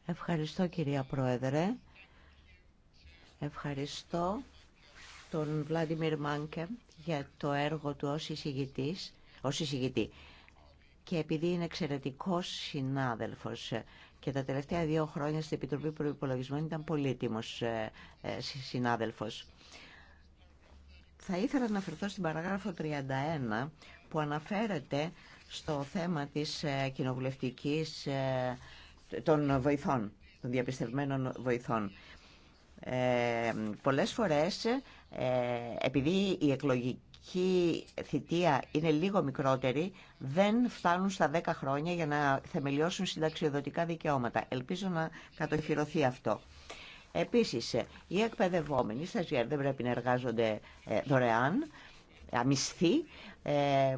Ευχαριστώ κυρία Πρόεδρε. Ευχαριστώ τον Βλάντιμιρ Μάνκε για το έργο του ως, εισηγητής, ως εισηγητή. Και επειδή είναι εξαιρετικός συνάδελφος και τα τελευταία δύο χρόνια στην Επιτροπή Προϋπολογισμών ήταν πολύτιμος ε, ε, συνάδελφος. Θα ήθελα να αναφερθώ στην παράγραφο 31 που αναφέρεται στο θέμα της ε, κοινοβουλευτικής των βοηθών, των διαπιστευμένων βοηθών. Ε, πολλές φορές, ε, επειδή η εκλογική θητεία είναι λίγο μικρότερη, δεν φτάνουν στα 10 χρόνια για να θεμελιώσουν συνταξιοδοτικά δικαιώματα. Ελπίζω να κατοχυρωθεί αυτό. Επίσης, ε, οι εκπαιδευόμενοι στα δεν πρέπει να εργάζονται ε, δωρεάν, αμυστοί, ε,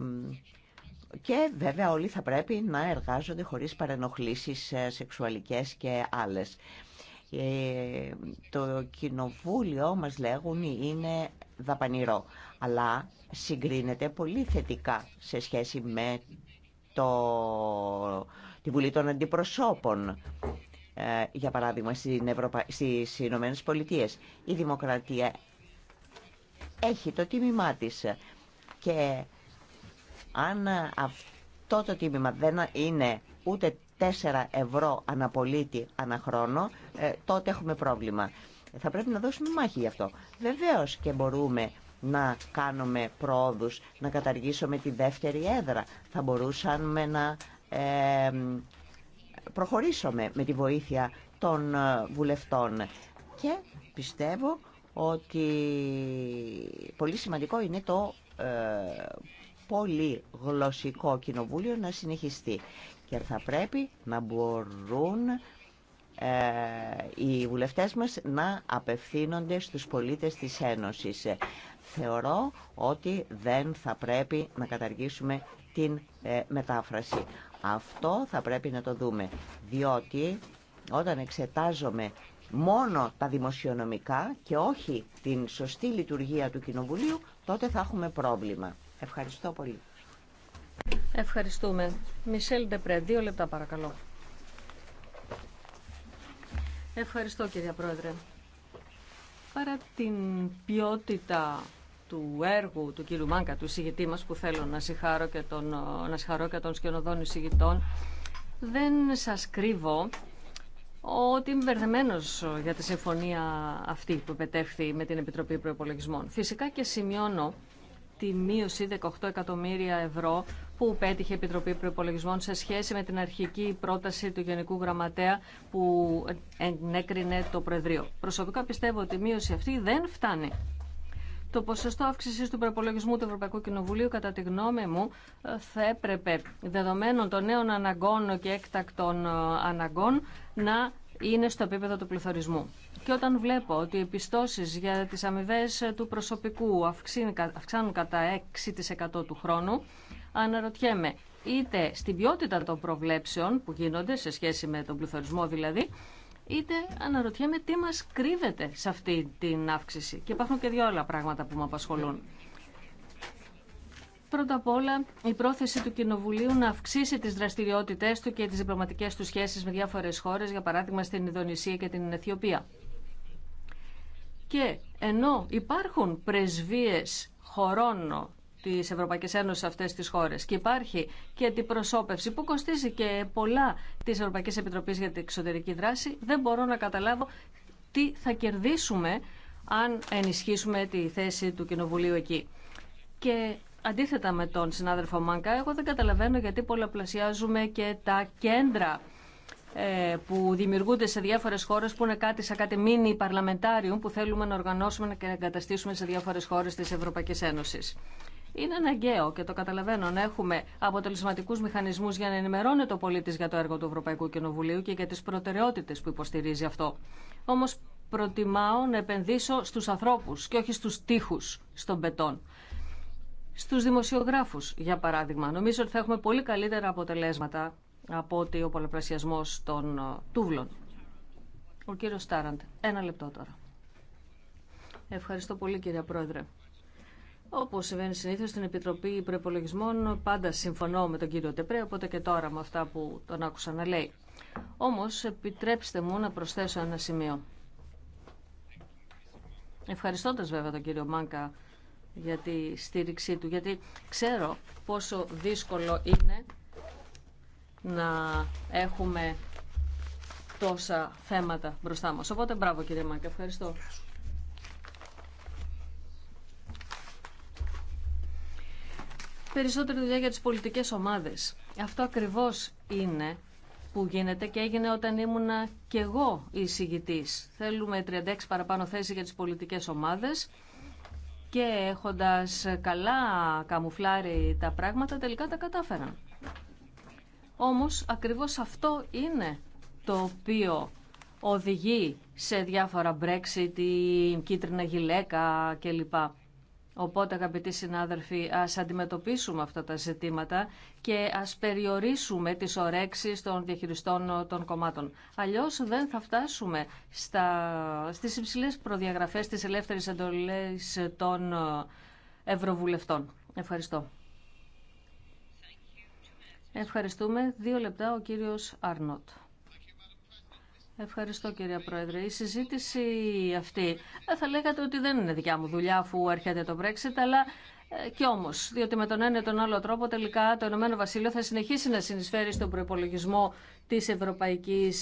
και βέβαια όλοι θα πρέπει να εργάζονται χωρίς παρενοχλήσεις ε, σεξουαλικές και άλλες. Ε, το κοινοβούλιο μας λέγουν είναι δαπανηρό, αλλά συγκρίνεται πολύ θετικά σε σχέση με το, τη Βουλή των Αντιπροσώπων ε, για παράδειγμα στην Ευρωπα... στις Ηνωμένες Πολιτείες. Η δημοκρατία έχει το τίμημά της και αν ε, αυτό το τίμημα δεν είναι ούτε 4 ευρώ αναπολίτη αναχρόνο, ε, τότε έχουμε πρόβλημα. Θα πρέπει να δώσουμε μάχη γι' αυτό. Βεβαίω και μπορούμε να κάνουμε πρόοδους, να καταργήσουμε τη δεύτερη έδρα. Θα μπορούσαμε να ε, προχωρήσουμε με τη βοήθεια των βουλευτών. Και πιστεύω ότι πολύ σημαντικό είναι το πολύ γλωσσικό κοινοβούλιο να συνεχιστεί και θα πρέπει να μπορούν ε, οι βουλευτές μας να απευθύνονται στους πολίτες της Ένωσης. Θεωρώ ότι δεν θα πρέπει να καταργήσουμε την ε, μετάφραση. Αυτό θα πρέπει να το δούμε, διότι όταν εξετάζομαι μόνο τα δημοσιονομικά και όχι την σωστή λειτουργία του Κοινοβουλίου, τότε θα έχουμε πρόβλημα. Ευχαριστώ πολύ. Ευχαριστούμε. Μισελ Ντεπρέ, δύο λεπτά παρακαλώ. Ευχαριστώ κυρία Πρόεδρε. Παρά την ποιότητα του έργου του κύριου Μάνκα, του εισηγητή μας που θέλω να συγχαρώ και τον, να συγχαρώ και τον σκηνοδόν εισηγητών, δεν σας κρύβω ότι είμαι βερδεμένος για τη συμφωνία αυτή που επετεύχθη με την Επιτροπή Προπολογισμών. Φυσικά και σημειώνω τη μείωση 18 εκατομμύρια ευρώ που πέτυχε η Επιτροπή Προπολογισμών σε σχέση με την αρχική πρόταση του Γενικού Γραμματέα που ενέκρινε το Προεδρείο. Προσωπικά πιστεύω ότι η μείωση αυτή δεν φτάνει. Το ποσοστό αύξηση του προπολογισμού του Ευρωπαϊκού Κοινοβουλίου, κατά τη γνώμη μου, θα έπρεπε, δεδομένων των νέων αναγκών και έκτακτων αναγκών, να είναι στο επίπεδο του πληθωρισμού. Και όταν βλέπω ότι οι επιστώσει για τι αμοιβέ του προσωπικού αυξάνουν κατά 6% του χρόνου, αναρωτιέμαι είτε στην ποιότητα των προβλέψεων που γίνονται σε σχέση με τον πληθωρισμό δηλαδή, είτε αναρωτιέμαι τι μας κρύβεται σε αυτή την αύξηση. Και υπάρχουν και δύο άλλα πράγματα που με απασχολούν. Πρώτα απ' όλα, η πρόθεση του Κοινοβουλίου να αυξήσει τι δραστηριότητέ του και τι διπλωματικέ του σχέσει με διάφορε χώρε, για παράδειγμα στην Ινδονησία και την Αιθιοπία. Και ενώ υπάρχουν πρεσβείες χωρών της Ευρωπαϊκής Ένωσης σε αυτέ τι χώρε. Και υπάρχει και την προσώπευση που κοστίζει και πολλά της Ευρωπαϊκής Επιτροπής για την εξωτερική δράση. Δεν μπορώ να καταλάβω τι θα κερδίσουμε αν ενισχύσουμε τη θέση του Κοινοβουλίου εκεί. Και αντίθετα με τον συνάδελφο Μάνκα, εγώ δεν καταλαβαίνω γιατί πολλαπλασιάζουμε και τα κέντρα ε, που δημιουργούνται σε διάφορες χώρες που είναι κάτι σαν κάτι μίνι παρλαμεντάριου που θέλουμε να οργανώσουμε και να εγκαταστήσουμε σε διάφορες χώρες της Ευρωπαϊκής Ένωσης. Είναι αναγκαίο και το καταλαβαίνω να έχουμε αποτελεσματικού μηχανισμού για να ενημερώνεται ο πολίτη για το έργο του Ευρωπαϊκού Κοινοβουλίου και για τι προτεραιότητε που υποστηρίζει αυτό. Όμω προτιμάω να επενδύσω στου ανθρώπου και όχι στου τείχου στον πετών. Στου δημοσιογράφου, για παράδειγμα. Νομίζω ότι θα έχουμε πολύ καλύτερα αποτελέσματα από ότι ο πολλαπλασιασμός των ε, τούβλων. Ο κύριος Στάραντ, ένα λεπτό τώρα. Ευχαριστώ πολύ κύριε Πρόεδρε. Όπω συμβαίνει συνήθω στην Επιτροπή Προπολογισμών, πάντα συμφωνώ με τον κύριο Τεπρέ, οπότε και τώρα με αυτά που τον άκουσα να λέει. Όμω, επιτρέψτε μου να προσθέσω ένα σημείο. Ευχαριστώντα βέβαια τον κύριο Μάνκα για τη στήριξή του, γιατί ξέρω πόσο δύσκολο είναι να έχουμε τόσα θέματα μπροστά μας. Οπότε μπράβο κύριε Μάκη, ευχαριστώ. Περισσότερη δουλειά για τις πολιτικές ομάδες. Αυτό ακριβώς είναι που γίνεται και έγινε όταν ήμουνα και εγώ εισηγητής. Θέλουμε 36 παραπάνω θέσεις για τις πολιτικές ομάδες και έχοντας καλά καμουφλάρει τα πράγματα τελικά τα κατάφεραν. Όμως ακριβώς αυτό είναι το οποίο οδηγεί σε διάφορα Brexit, η κίτρινα γυλαίκα κλπ. Οπότε αγαπητοί συνάδελφοι ας αντιμετωπίσουμε αυτά τα ζητήματα και ας περιορίσουμε τις ορέξεις των διαχειριστών των κομμάτων. Αλλιώς δεν θα φτάσουμε στα, στις υψηλές προδιαγραφές της ελεύθερης εντολής των ευρωβουλευτών. Ευχαριστώ. Ευχαριστούμε. Δύο λεπτά ο κύριος Άρνοτ. Ευχαριστώ κύριε Πρόεδρε. Η συζήτηση αυτή ε, θα λέγατε ότι δεν είναι δικιά μου δουλειά αφού έρχεται το Brexit, αλλά ε, και όμω, διότι με τον ένα ή τον άλλο τρόπο τελικά το Ηνωμένο Βασίλειο θα συνεχίσει να συνεισφέρει στον προπολογισμό τη Ευρωπαϊκή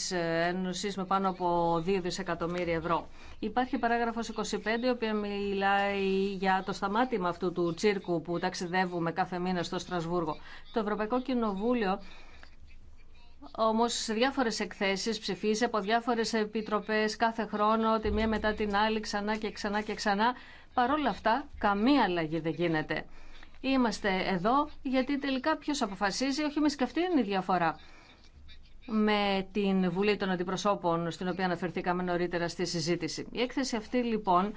Ένωση με πάνω από 2 δισεκατομμύρια ευρώ. Υπάρχει παράγραφο 25, η οποία μιλάει για το σταμάτημα αυτού του τσίρκου που ταξιδεύουμε κάθε μήνα στο Στρασβούργο. Το Ευρωπαϊκό Κοινοβούλιο όμω σε διάφορε εκθέσει ψηφίζει από διάφορε επιτροπέ κάθε χρόνο, τη μία μετά την άλλη, ξανά και ξανά και ξανά παρόλα αυτά καμία αλλαγή δεν γίνεται. Είμαστε εδώ γιατί τελικά ποιος αποφασίζει, όχι και αυτή είναι η διαφορά. Με την Βουλή των Αντιπροσώπων, στην οποία αναφερθήκαμε νωρίτερα στη συζήτηση. Η έκθεση αυτή λοιπόν